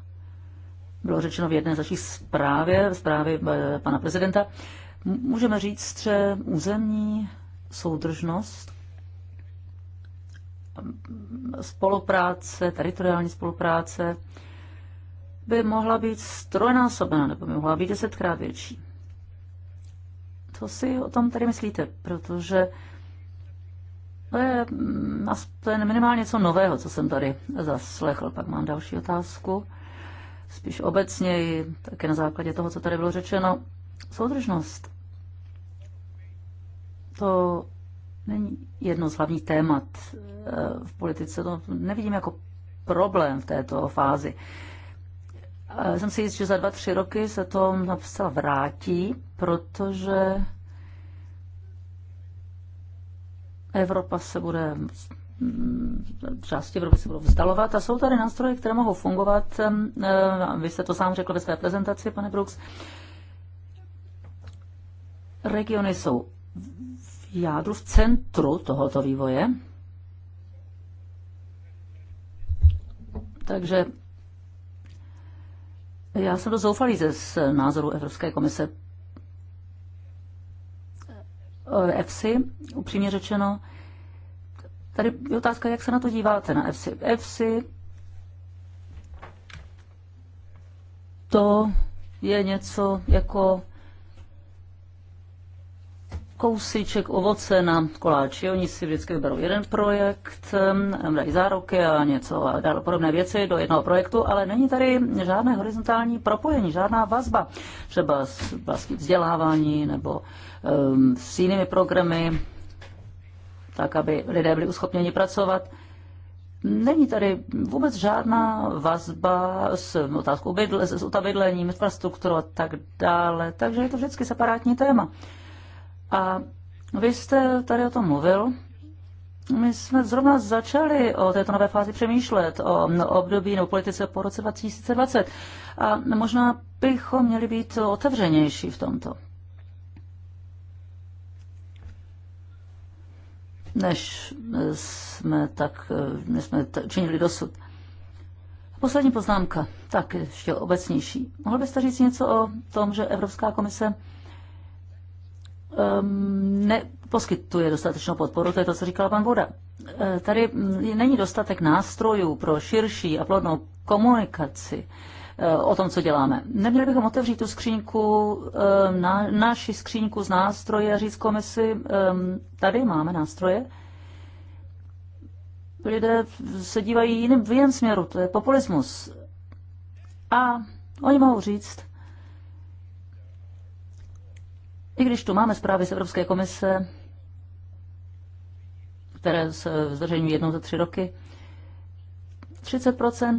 bylo řečeno v jedné z našich zprávě, zprávy eh, pana prezidenta, můžeme říct, že územní soudržnost, ehm, spolupráce, teritoriální spolupráce by mohla být strojnásobná nebo by mohla být desetkrát větší. Co si o tom tady myslíte? Protože to je, mm, to je minimálně něco nového, co jsem tady zaslechl. Pak mám další otázku. Spíš obecně, také na základě toho, co tady bylo řečeno. Soudržnost. To není jedno z hlavních témat eh, v politice. To nevidím jako problém v této fázi. Eh, jsem si jist, že za dva, tři roky se to napsal vrátí, protože Evropa se bude mm, části Evropy se budou vzdalovat a jsou tady nástroje, které mohou fungovat. Eh, vy jste to sám řekl ve své prezentaci, pane Brooks. Regiony jsou v jádru, v centru tohoto vývoje. Takže já jsem to zoufalý ze názoru Evropské komise, EFSI, eh, upřímně řečeno. Tady je otázka, jak se na to díváte, na EFSI. EFSI to je něco jako kousíček ovoce na koláči. Oni si vždycky vyberou jeden projekt, dají záruky a něco a dál podobné věci do jednoho projektu, ale není tady žádné horizontální propojení, žádná vazba, třeba s vlastní vzdělávání nebo um, s jinými programy, tak aby lidé byli uschopněni pracovat. Není tady vůbec žádná vazba s otázkou bydle, s infrastrukturou a tak dále, takže je to vždycky separátní téma. A vy jste tady o tom mluvil. My jsme zrovna začali o této nové fázi přemýšlet, o období nebo politice po roce 2020. A možná bychom měli být otevřenější v tomto. Než jsme tak, než jsme činili dosud. Poslední poznámka, tak ještě obecnější. Mohl byste říct něco o tom, že Evropská komise Ehm, neposkytuje dostatečnou podporu, to je to, co říkal pan Voda. Eh, tady mm, není dostatek nástrojů pro širší a plodnou komunikaci eh, o tom, co děláme. Neměli bychom otevřít tu skříňku, ehm, na, naši skříňku z nástroje a říct komisi, ehm, tady máme nástroje. Lidé se dívají jiným v jiném směru, to je populismus. A oni mohou říct, i když tu máme zprávy z Evropské komise, které se zveřejňují jednou za tři roky, 30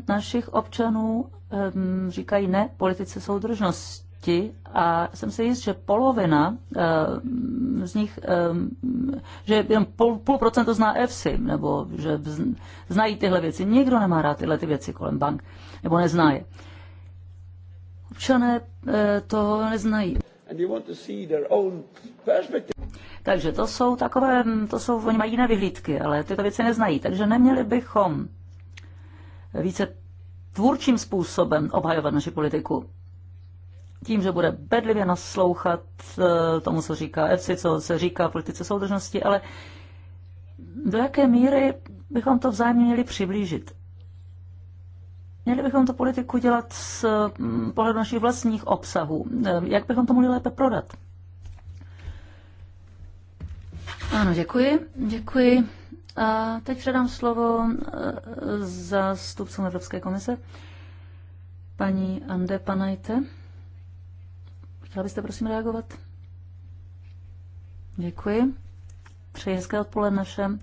našich občanů um, říkají ne politice soudržnosti a jsem si jist, že polovina um, z nich, um, že jen půl, půl procento zná EFSI, nebo že znají tyhle věci. Nikdo nemá rád tyhle ty věci kolem bank, nebo nezná je. Občané uh, eh, to neznají. Takže to jsou takové, to jsou, oni mají jiné vyhlídky, ale tyto věci neznají. Takže neměli bychom více tvůrčím způsobem obhajovat naši politiku. Tím, že bude bedlivě naslouchat eh, tomu, co říká EFSI, co se říká politice soudržnosti, ale do jaké míry bychom to vzájemně měli přiblížit. Měli bychom to politiku dělat z mm, pohledu našich vlastních obsahů. E, jak bychom to mohli lépe prodat? Ano, děkuji. Děkuji. A teď předám slovo e, zástupcům Evropské komise. Paní Ande Panajte, chtěla byste prosím reagovat? Děkuji. Přeji hezké odpoledne všem.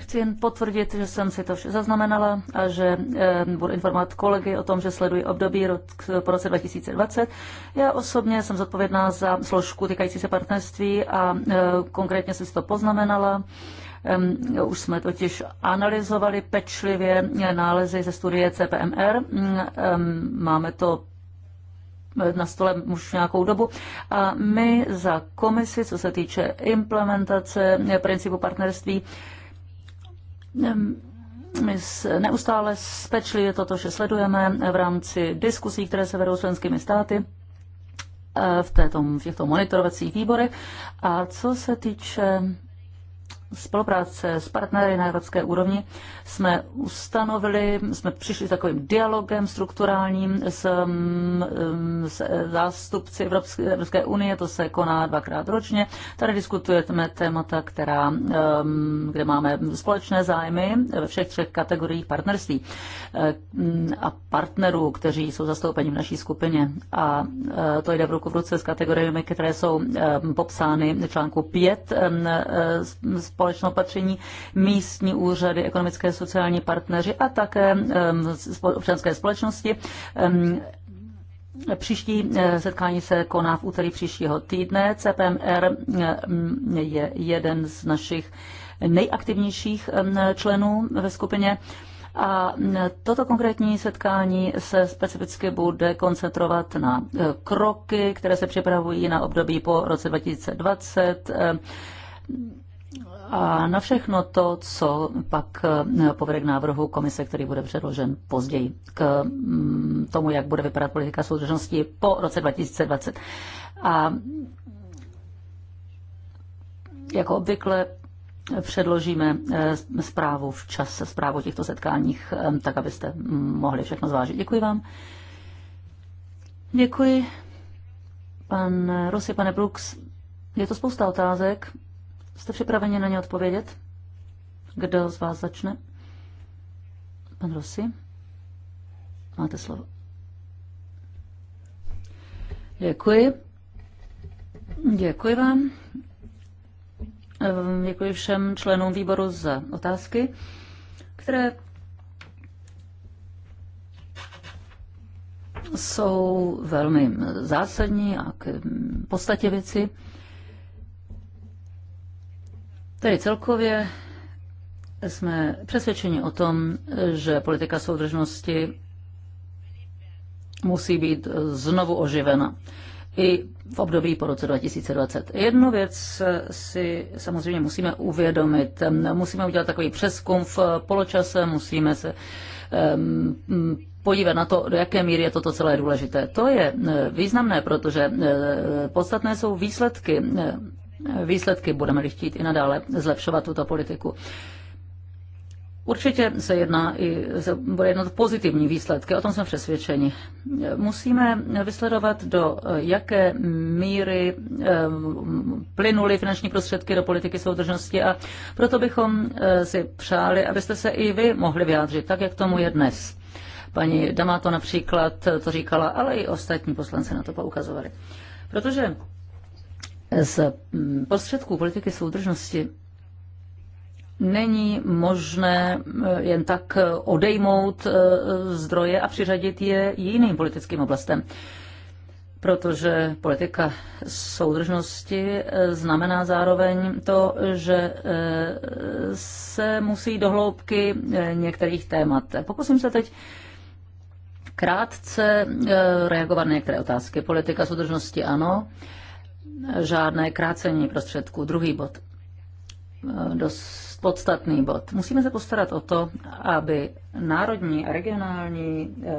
Chci jen potvrdit, že jsem si to vše zaznamenala a že eh, budu informovat kolegy o tom, že sleduji období rok, po roce 2020. Já osobně jsem zodpovědná za složku týkající se partnerství a eh, konkrétně jsem si to poznamenala. Už jsme totiž analyzovali pečlivě eh, nálezy ze studie CPMR. Mm, máme to eh, na stole už nějakou dobu. A my za komisi, co se týče implementace eh, principu partnerství, my neustále spečlivě toto, že sledujeme v rámci diskusí, které se vedou s členskými státy eh, v, této, v těchto monitorovacích výborech. A co se týče spolupráce s partnery na evropské úrovni jsme ustanovili, jsme přišli s takovým dialogem strukturálním s, mm, mm, s zástupci Evropské, Evropské unie, to se koná dvakrát ročně. Tady diskutujeme témata, která, mm, kde máme společné zájmy ve všech třech kategoriích partnerství a partnerů, kteří jsou zastoupeni v naší skupině. A e, to jde v ruku v ruce s kategoriemi, které jsou e, popsány v článku 5 společné opatření, místní úřady, ekonomické sociální partneři a také občanské společnosti. Příští eh, setkání se koná v úterý příštího týdne. CPMR je jeden z našich nejaktivnějších členů ve skupině. A toto konkrétní setkání se specificky bude koncentrovat na eh, kroky, které se připravují na období po roce 2020 a na všechno to, co pak eh, povede k návrhu komise, který bude předložen později k mm, tomu, jak bude vypadat politika soudržnosti po roce 2020. A jako obvykle předložíme eh, zprávu včas, zprávu o těchto setkáních, eh, tak abyste mm, mohli všechno zvážit. Děkuji vám. Děkuji. Pan Rusy, pane Brooks, je to spousta otázek. Jste připraveni na ně odpovědět? Kdo z vás začne? Pan Rossi, máte slovo. Děkuji. Děkuji vám. Ehm, děkuji všem členům výboru za otázky, které jsou velmi zásadní a k podstatě věci. Tedy celkově jsme přesvědčeni o tom, že politika soudržnosti musí být znovu oživena i v období po roce 2020. Jednu věc si samozřejmě musíme uvědomit. Musíme udělat takový přeskum v poločase, musíme se um, podívat na to, do jaké míry je toto celé důležité. To je e, významné, protože e, podstatné jsou výsledky e, výsledky, budeme-li chtít i nadále zlepšovat tuto politiku. Určitě se jedná i se bude jednat pozitivní výsledky, o tom jsme přesvědčeni. Musíme vysledovat, do jaké míry eh, plynuly finanční prostředky do politiky soudržnosti a proto bychom eh, si přáli, abyste se i vy mohli vyjádřit, tak jak tomu je dnes. Paní Damato například to říkala, ale i ostatní poslanci na to poukazovali. Protože z mm, prostředků politiky soudržnosti není možné eh, jen tak eh, odejmout eh, zdroje a přiřadit je jiným politickým oblastem. Protože politika soudržnosti znamená zároveň to, že se musí dohloubky některých témat. Pokusím se teď krátce reagovat na některé otázky. Politika soudržnosti ano, žádné krácení prostředků. Druhý bod, dost podstatný bod. Musíme se postarat o to, aby národní a regionální eh,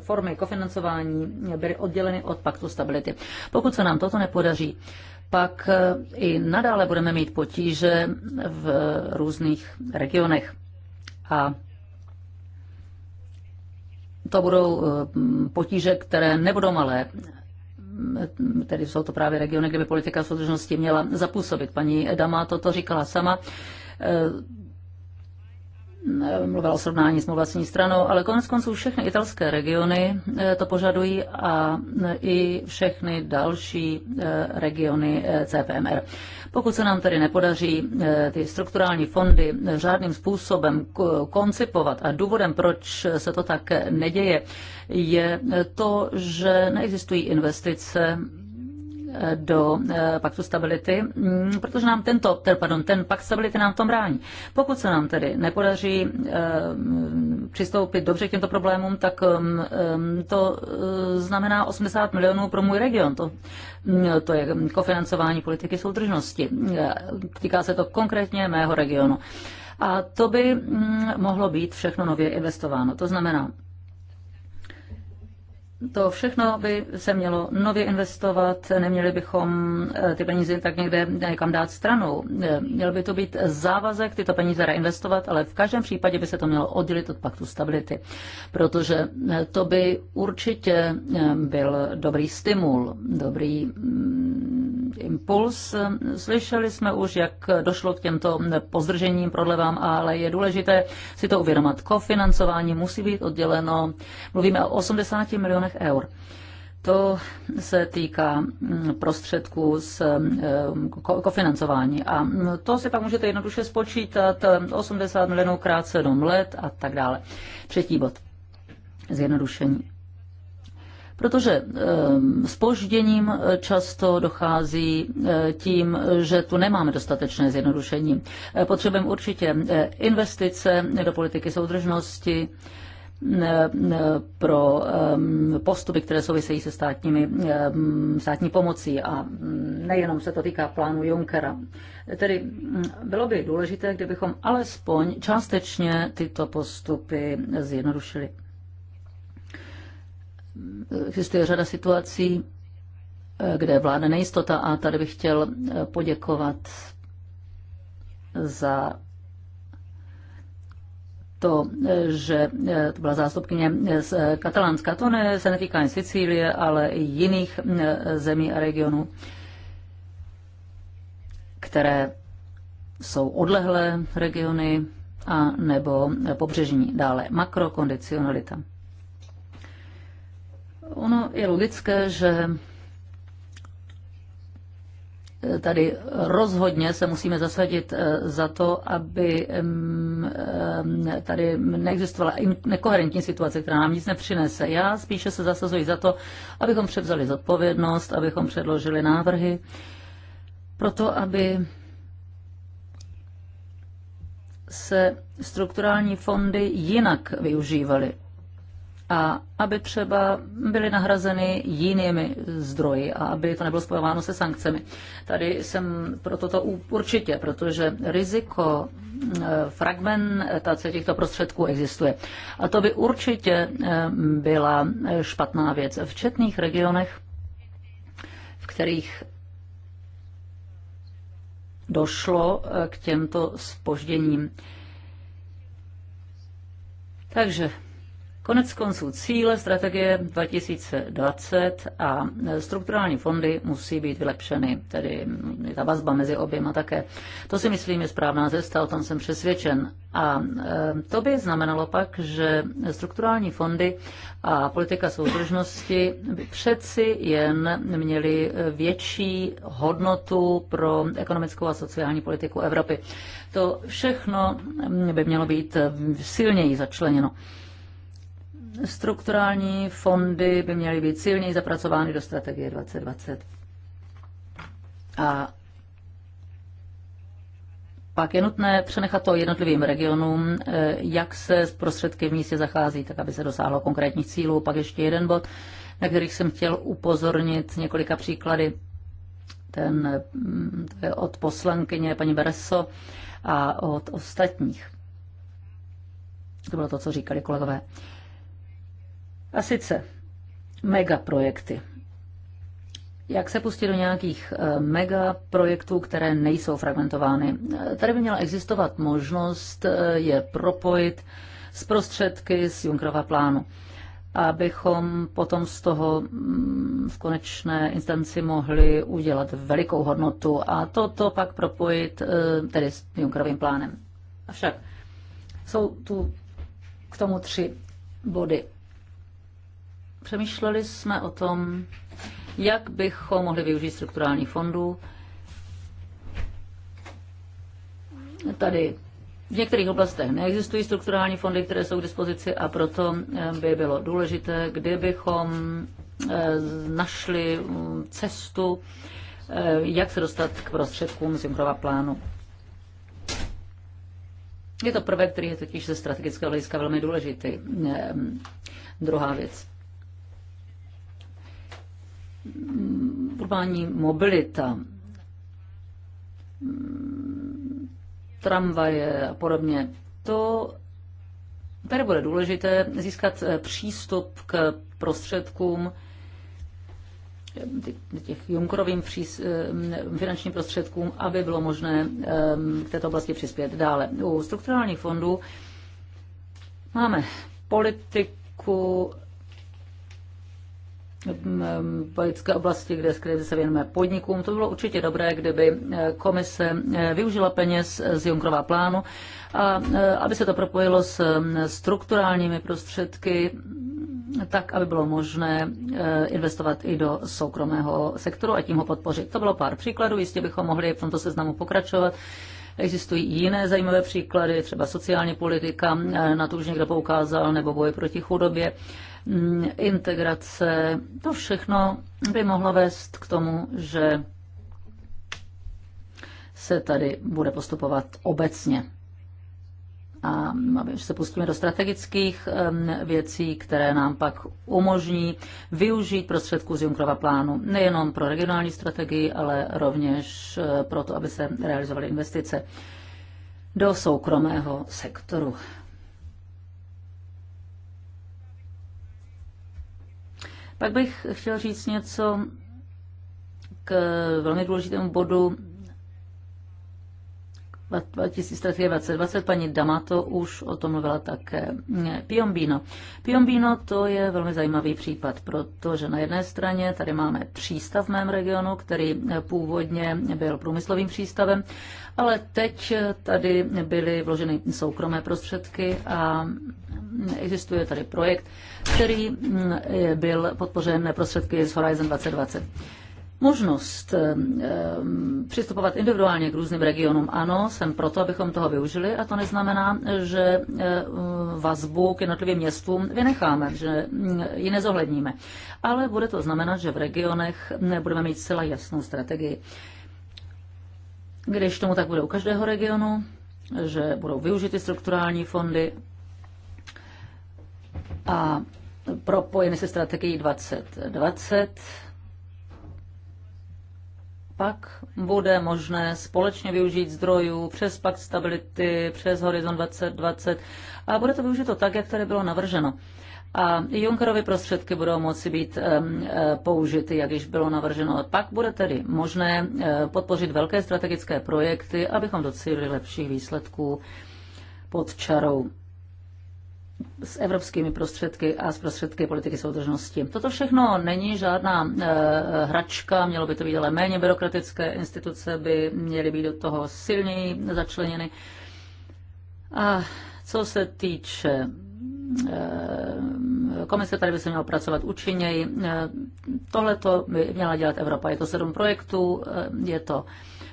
formy kofinancování byly odděleny od paktu stability. Pokud se nám toto nepodaří, pak eh, i nadále budeme mít potíže v různých regionech. A to budou eh, potíže, které nebudou malé tedy jsou to právě regiony, kde by politika soudržnosti měla zapůsobit. Paní Dama toto říkala sama eh, mluvila o srovnání s mou vlastní stranou, ale konec konců všechny italské regiony eh, to požadují a eh, i všechny další regiony CPMR. Pokud se nám tedy nepodaří eh, ty strukturální fondy žádným způsobem koncipovat a důvodem, proč se to tak neděje, je to, že neexistují investice do eh, paktu stability, mm, protože nám tento, pardon, ten pakt stability nám v tom brání. Pokud se nám tedy nepodaří eh, mm, přistoupit dobře k těmto problémům, tak eh, mm, to znamená 80 milionů pro můj region. To, to je kofinancování politiky soudržnosti. Týká se to konkrétně mého regionu. A to by mohlo být všechno nově investováno. To znamená, to všechno by se mělo nově investovat, neměli bychom eh, ty peníze tak někde někam dát stranou. Eh, měl by to být závazek tyto peníze reinvestovat, ale v každém případě by se to mělo oddělit od paktu stability, protože eh, to by určitě byl dobrý stimul, dobrý mm, impuls. Slyšeli jsme už, jak došlo k těmto pozdržením, prodlevám, ale je důležité si to uvědomat. Kofinancování musí být odděleno. Mluvíme o 80 milionech milionech eur. To se týká mm, prostředků z mm, eh, kofinancování. A mm, to si pak můžete jednoduše spočítat 80 milionů krát 7 let a tak dále. Třetí bod. Zjednodušení. Protože spožděním eh, eh, často dochází tím, že tu nemáme dostatečné zjednodušení. Potřebujeme určitě investice do politiky soudržnosti, Eh, eh, pro eh, postupy, které souvisejí se státními, státní pomocí a mm, nejenom se to týká plánu Junckera. Tedy mm, bylo by důležité, kdybychom alespoň částečně tyto postupy zjednodušili. Existuje řada situací, kde vláda nejistota a tady bych chtěl poděkovat za to, že e, to byla zástupkyně z Katalánska. To ne, se netýká jen Sicílie, ale i jiných zemí a regionů, které jsou odlehlé regiony a nebo pobřežní. Dále makrokondicionalita. Ono je logické, že tady rozhodně se musíme zasadit eh, za to, aby tady neexistovala nekoherentní situace, která nám nic nepřinese. Já spíše se zasazuji za to, abychom převzali zodpovědnost, abychom předložili návrhy, proto aby se strukturální fondy jinak využívaly a aby třeba byly nahrazeny jinými zdroji a aby to nebylo spojováno se sankcemi. Tady jsem pro toto určitě, protože riziko eh, fragmentace těchto prostředků existuje. A to by určitě eh, byla eh, špatná věc. V četných regionech, v kterých došlo k těmto spožděním. Takže Konec konců cíle strategie 2020 a strukturální fondy musí být vylepšeny, tedy je ta vazba mezi oběma také. To si myslím je správná cesta, o tom jsem přesvědčen. A eh, to by znamenalo pak, že strukturální fondy a politika soudržnosti by přeci jen měly větší hodnotu pro ekonomickou a sociální politiku Evropy. To všechno by mělo být silněji začleněno. Strukturální fondy by měly být silněji zapracovány do strategie 2020. A pak je nutné přenechat to jednotlivým regionům, eh, jak se s prostředky v místě zachází, tak aby se dosáhlo konkrétních cílů. Pak ještě jeden bod, na kterých jsem chtěl upozornit několika příklady. Ten mm, to je od poslankyně paní Bereso a od ostatních. To bylo to, co říkali kolegové. A sice megaprojekty. Jak se pustit do nějakých eh, megaprojektů, které nejsou fragmentovány? Eh, tady by měla existovat možnost eh, je propojit s prostředky z Junkrova plánu abychom potom z toho mm, v konečné instanci mohli udělat velikou hodnotu a toto pak propojit tedy s Junkrovým plánem. Avšak jsou tu k tomu tři body. Přemýšleli jsme o tom, jak bychom mohli využít strukturální fondů. Tady v některých oblastech neexistují strukturální fondy, které jsou k dispozici a proto eh, by bylo důležité, kdybychom eh, našli mm, cestu, eh, jak se dostat k prostředkům z Junckerova plánu. Je to prvek, který je totiž ze strategického hlediska velmi důležitý. Druhá věc. Mm, urbání mobilita, mm, tramvaje a podobně, to tady bude důležité získat eh, přístup k prostředkům, těch Junkerovým eh, finančním prostředkům, aby bylo možné ehm, k této oblasti přispět dále. U strukturálních fondů máme politiku politické oblasti, kde, se věnujeme podnikům. To bylo určitě dobré, kdyby eh, komise eh, využila peněz eh, z Junkrova plánu a aby se to propojilo s strukturálními prostředky, tak, aby bylo možné investovat i do soukromého sektoru a tím ho podpořit. To bylo pár příkladů, jistě bychom mohli v tomto seznamu pokračovat. Existují jiné zajímavé příklady, třeba sociální politika, na to už někdo poukázal, nebo boj proti chudobě. Mm, integrace. To všechno by mohlo vést k tomu, že se tady bude postupovat obecně. A že se pustíme do strategických věcí, které nám pak umožní využít prostředků z Junkrova plánu nejenom pro regionální strategii, ale rovněž e, pro to, aby se realizovaly investice do soukromého sektoru. Pak bych chtěl říct něco k velmi důležitému bodu 2020 paní Damato už o tom mluvila také. Piombino. Piombino to je velmi zajímavý případ, protože na jedné straně tady máme přístav v mém regionu, který původně byl průmyslovým přístavem, ale teď tady byly vloženy soukromé prostředky a Existuje tady projekt, který mm, byl podpořen prostředky z Horizon 2020. Možnost přistupovat individuálně k různým regionům, ano, jsem proto, abychom toho využili a to neznamená, že e, vazbu k jednotlivým městům vynecháme, že mm, ji nezohledníme. Ale bude to znamenat, že v regionech budeme mít zcela jasnou strategii. Když tomu tak bude u každého regionu, že budou využity strukturální fondy a propojeny se strategií 2020, pak bude možné společně využít zdrojů přes Pakt stability, přes Horizon 2020 a bude to využito tak, jak tady bylo navrženo. A Junckerovy prostředky budou moci být použity, jak již bylo navrženo. Pak bude tedy možné podpořit velké strategické projekty, abychom docílili lepších výsledků pod čarou s evropskými prostředky a s prostředky politiky soudržnosti. Toto všechno není žádná e, hračka, mělo by to být ale méně byrokratické, instituce by měly být do toho silněji začleněny. A co se týče eh, komise tady by se mělo pracovat účinněji. Eh, Tohle to by měla dělat Evropa. Je to sedm projektů, je to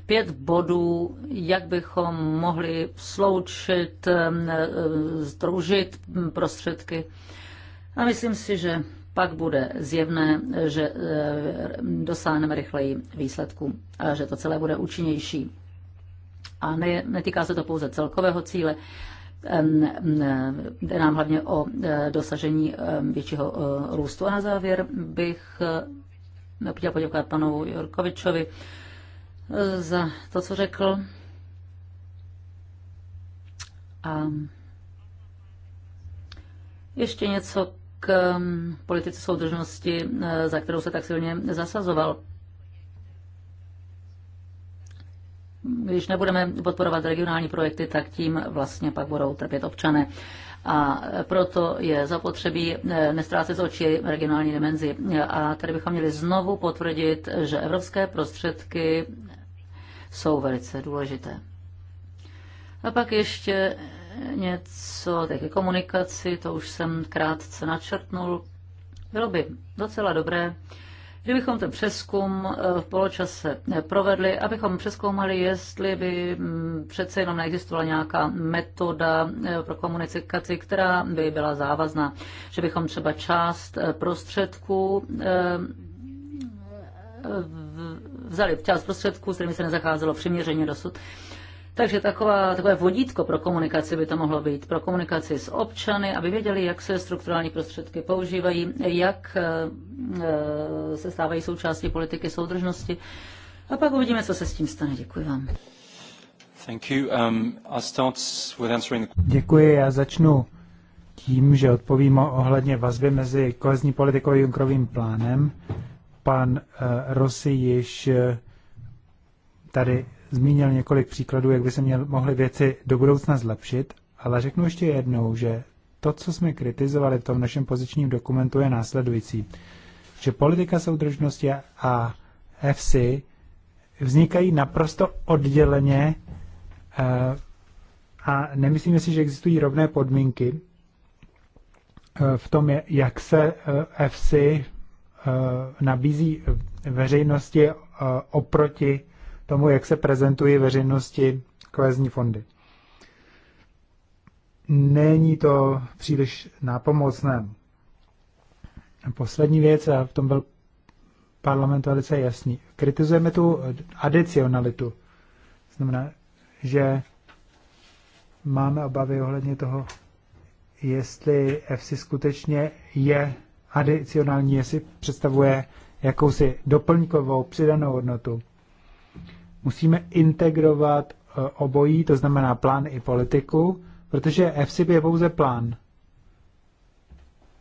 pět bodů, jak bychom mohli sloučit, e, združit prostředky. A myslím si, že pak bude zjevné, že e, dosáhneme rychleji výsledku, a že to celé bude účinnější. A ne, netýká se to pouze celkového cíle, jde nám hlavně o e, dosažení většího růstu. A na závěr bych chtěl poděkovat panu Jorkovičovi, za to, co řekl. A ještě něco k um, politice soudržnosti, eh, za kterou se tak silně zasazoval. Když nebudeme podporovat regionální projekty, tak tím vlastně pak budou trpět občané. A proto je zapotřebí eh, nestrácet z očí regionální dimenzi. A tady bychom měli znovu potvrdit, že evropské prostředky jsou velice důležité. A pak ještě něco ke komunikaci, to už jsem krátce načrtnul. Bylo by docela dobré, kdybychom ten přeskum eh, v poločase provedli, abychom přeskoumali, jestli by mm, přece jenom neexistovala nějaká metoda eh, pro komunikaci, která by byla závazná, že bychom třeba část eh, prostředků vzali část prostředků, s kterými se nezacházelo přiměřeně dosud. Takže taková, takové vodítko pro komunikaci by to mohlo být, pro komunikaci s občany, aby věděli, jak se strukturální prostředky používají, jak eh, eh, se stávají součástí politiky soudržnosti. A pak uvidíme, co se s tím stane. Děkuji vám. Thank you. Um, I'll start with answering... Děkuji, já začnu tím, že odpovím ohledně vazby mezi kohezní politikou a Junkrovým plánem pan eh, Rossi již eh, tady zmínil několik příkladů, jak by se měl, mohly věci do budoucna zlepšit, ale řeknu ještě jednou, že to, co jsme kritizovali v tom našem pozičním dokumentu, je následující. Že politika soudržnosti a FC vznikají naprosto odděleně eh, a nemyslíme si, že existují rovné podmínky v tom, jak se FC Eh, nabízí veřejnosti eh, oproti tomu, jak se prezentují veřejnosti kvézní fondy. Není to příliš nápomocné. Poslední věc, a v tom byl parlament velice jasný. Kritizujeme tu adicionalitu. Znamená, že máme obavy ohledně toho, jestli FC skutečně je adicionální jestli představuje jakousi doplňkovou přidanou hodnotu. Musíme integrovat e, obojí, to znamená plán i politiku, protože FSIP je pouze plán.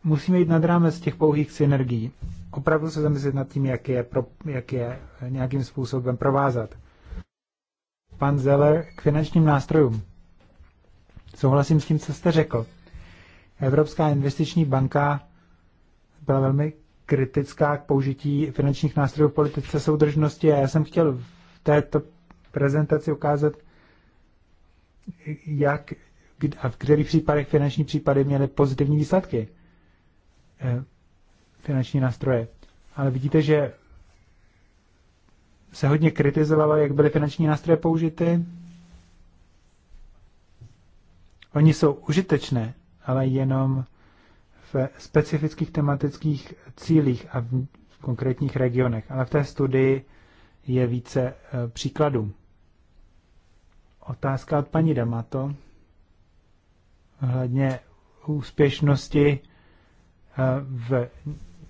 Musíme jít nad rámec těch pouhých synergií. Opravdu se zamyslet nad tím, jak je, pro, jak je e, nějakým způsobem provázat. Pan Zeller k finančním nástrojům. Souhlasím s tím, co jste řekl. Evropská investiční banka byla velmi kritická k použití finančních nástrojů v politice soudržnosti a já jsem chtěl v této prezentaci ukázat, jak a v kterých případech finanční případy měly pozitivní výsledky eh, finanční nástroje. Ale vidíte, že se hodně kritizovalo, jak byly finanční nástroje použity. Oni jsou užitečné, ale jenom v specifických tematických cílích a v konkrétních regionech, ale v té studii je více e, příkladů. Otázka od paní Damato ohledně úspěšnosti e, v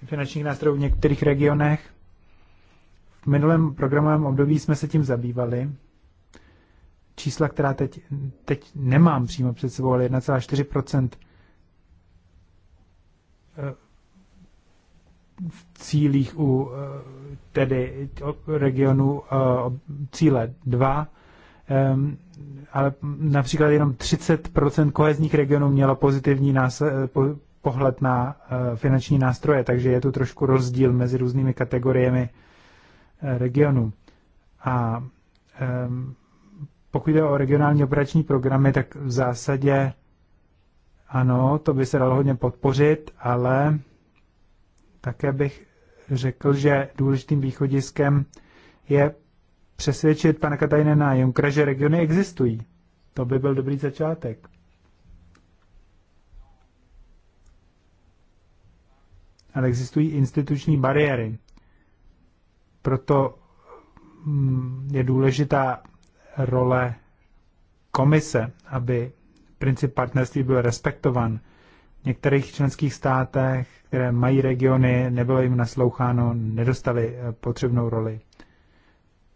finančních nástrojů v některých regionech. V minulém programovém období jsme se tím zabývali. Čísla, která teď, teď nemám přímo před sebou, ale v cílích u eh, tedy regionu eh, cíle 2, ehm, ale například jenom 30% kohezních regionů mělo pozitivní eh, pohled na finanční nástroje, takže je tu trošku rozdíl mezi různými kategoriemi regionů. A ehm, pokud jde o regionální operační programy, tak v zásadě ano, to by se dalo hodně podpořit, ale také bych řekl, že důležitým východiskem je přesvědčit pana Katajnena a Junkra, že regiony existují. To by byl dobrý začátek. Ale existují instituční bariéry. Proto mm, je důležitá role komise, aby princip partnerství byl respektovan. V některých členských státech, které mají regiony, nebylo jim nasloucháno, nedostali eh, potřebnou roli.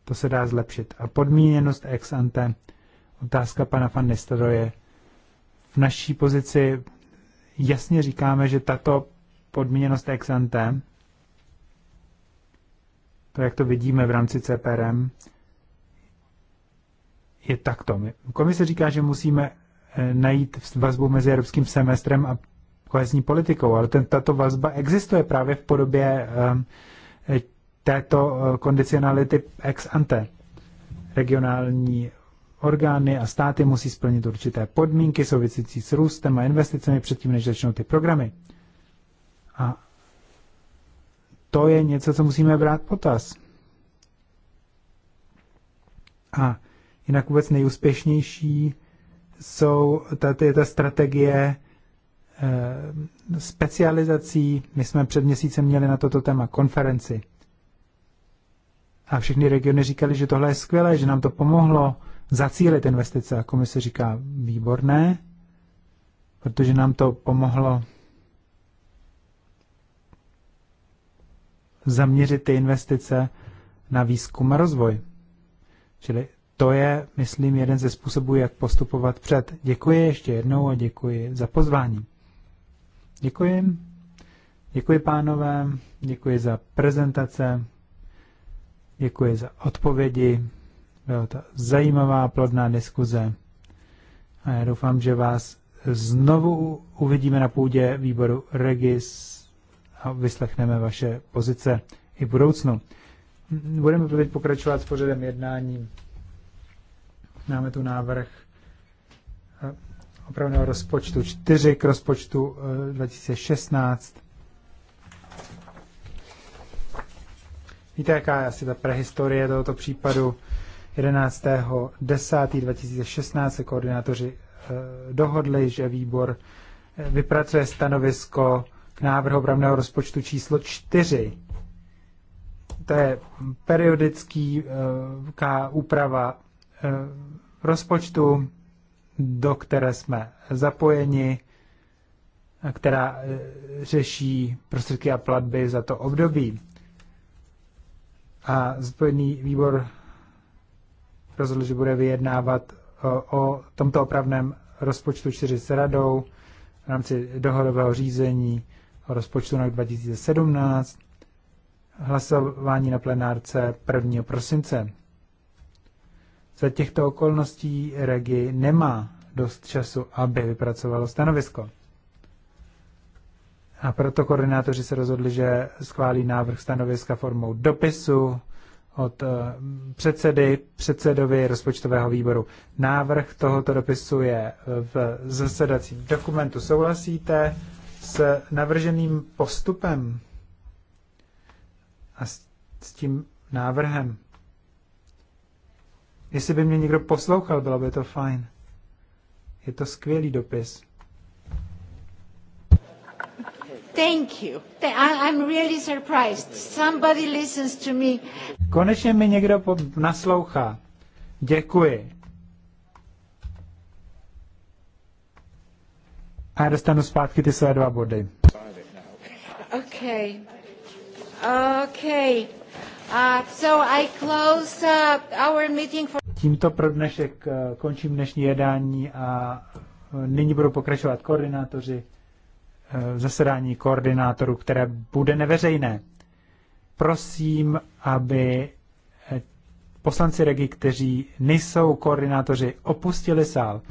To se dá zlepšit. A podmíněnost ex ante, otázka pana van Nistelrooye. V naší pozici jasně říkáme, že tato podmíněnost ex ante, to jak to vidíme v rámci CPRM, je takto. Komise říká, že musíme najít vazbu mezi evropským semestrem a kohezní politikou, ale ten, tato vazba existuje právě v podobě um, této eh, kondicionality ex ante. Regionální orgány a státy musí splnit určité podmínky související s růstem a investicemi předtím, než začnou ty programy. A to je něco, co musíme brát potaz. A jinak vůbec nejúspěšnější jsou, tady ta strategie eh, specializací. My jsme před měsícem měli na toto téma konferenci. A všechny regiony říkali, že tohle je skvělé, že nám to pomohlo zacílit investice. A komise říká, výborné, protože nám to pomohlo zaměřit ty investice na výzkum a rozvoj. Čili to je, myslím, jeden ze způsobů, jak postupovat před. Děkuji ještě jednou a děkuji za pozvání. Děkuji. Děkuji pánové, děkuji za prezentace, děkuji za odpovědi. Byla to zajímavá, plodná diskuze. A já doufám, že vás znovu uvidíme na půdě výboru Regis a vyslechneme vaše pozice i v budoucnu. Budeme teď pokračovat s pořadem jednání. Máme tu návrh eh, opravného rozpočtu 4 k rozpočtu 2016. Eh, Víte, jaká je asi ta prehistorie tohoto případu? 11.10.2016 se koordinátoři eh, dohodli, že výbor vypracuje stanovisko k návrhu obravného rozpočtu číslo 4. To je periodický úprava Eh, rozpočtu, do které jsme zapojeni, která eh, řeší prostředky a platby za to období. A zpojený výbor rozhodl, že bude vyjednávat eh, o, tomto opravném rozpočtu čtyři s radou v rámci dohodového řízení o rozpočtu na 2017 hlasování na plenárce 1. prosince. Za těchto okolností Regi nemá dost času, aby vypracovalo stanovisko. A proto koordinátoři se rozhodli, že schválí návrh stanoviska formou dopisu od eh, předsedy, předsedovi rozpočtového výboru. Návrh tohoto dopisu je eh, v zasedacím dokumentu. Souhlasíte s navrženým postupem a s tím návrhem? Jestli by mě někdo poslouchal, bylo by to fajn. Je to skvělý dopis. Thank you. I'm really surprised. Somebody listens to me. Konečně mi někdo naslouchá. Děkuji. A já dostanu zpátky ty své dva body. Okay. Okay. Uh, uh, Tímto pro dnešek uh, končím dnešní jednání a nyní budou pokračovat koordinátoři zasedání koordinátorů, které bude neveřejné. Prosím, aby eh, poslanci regi, kteří nejsou koordinátoři, opustili sál.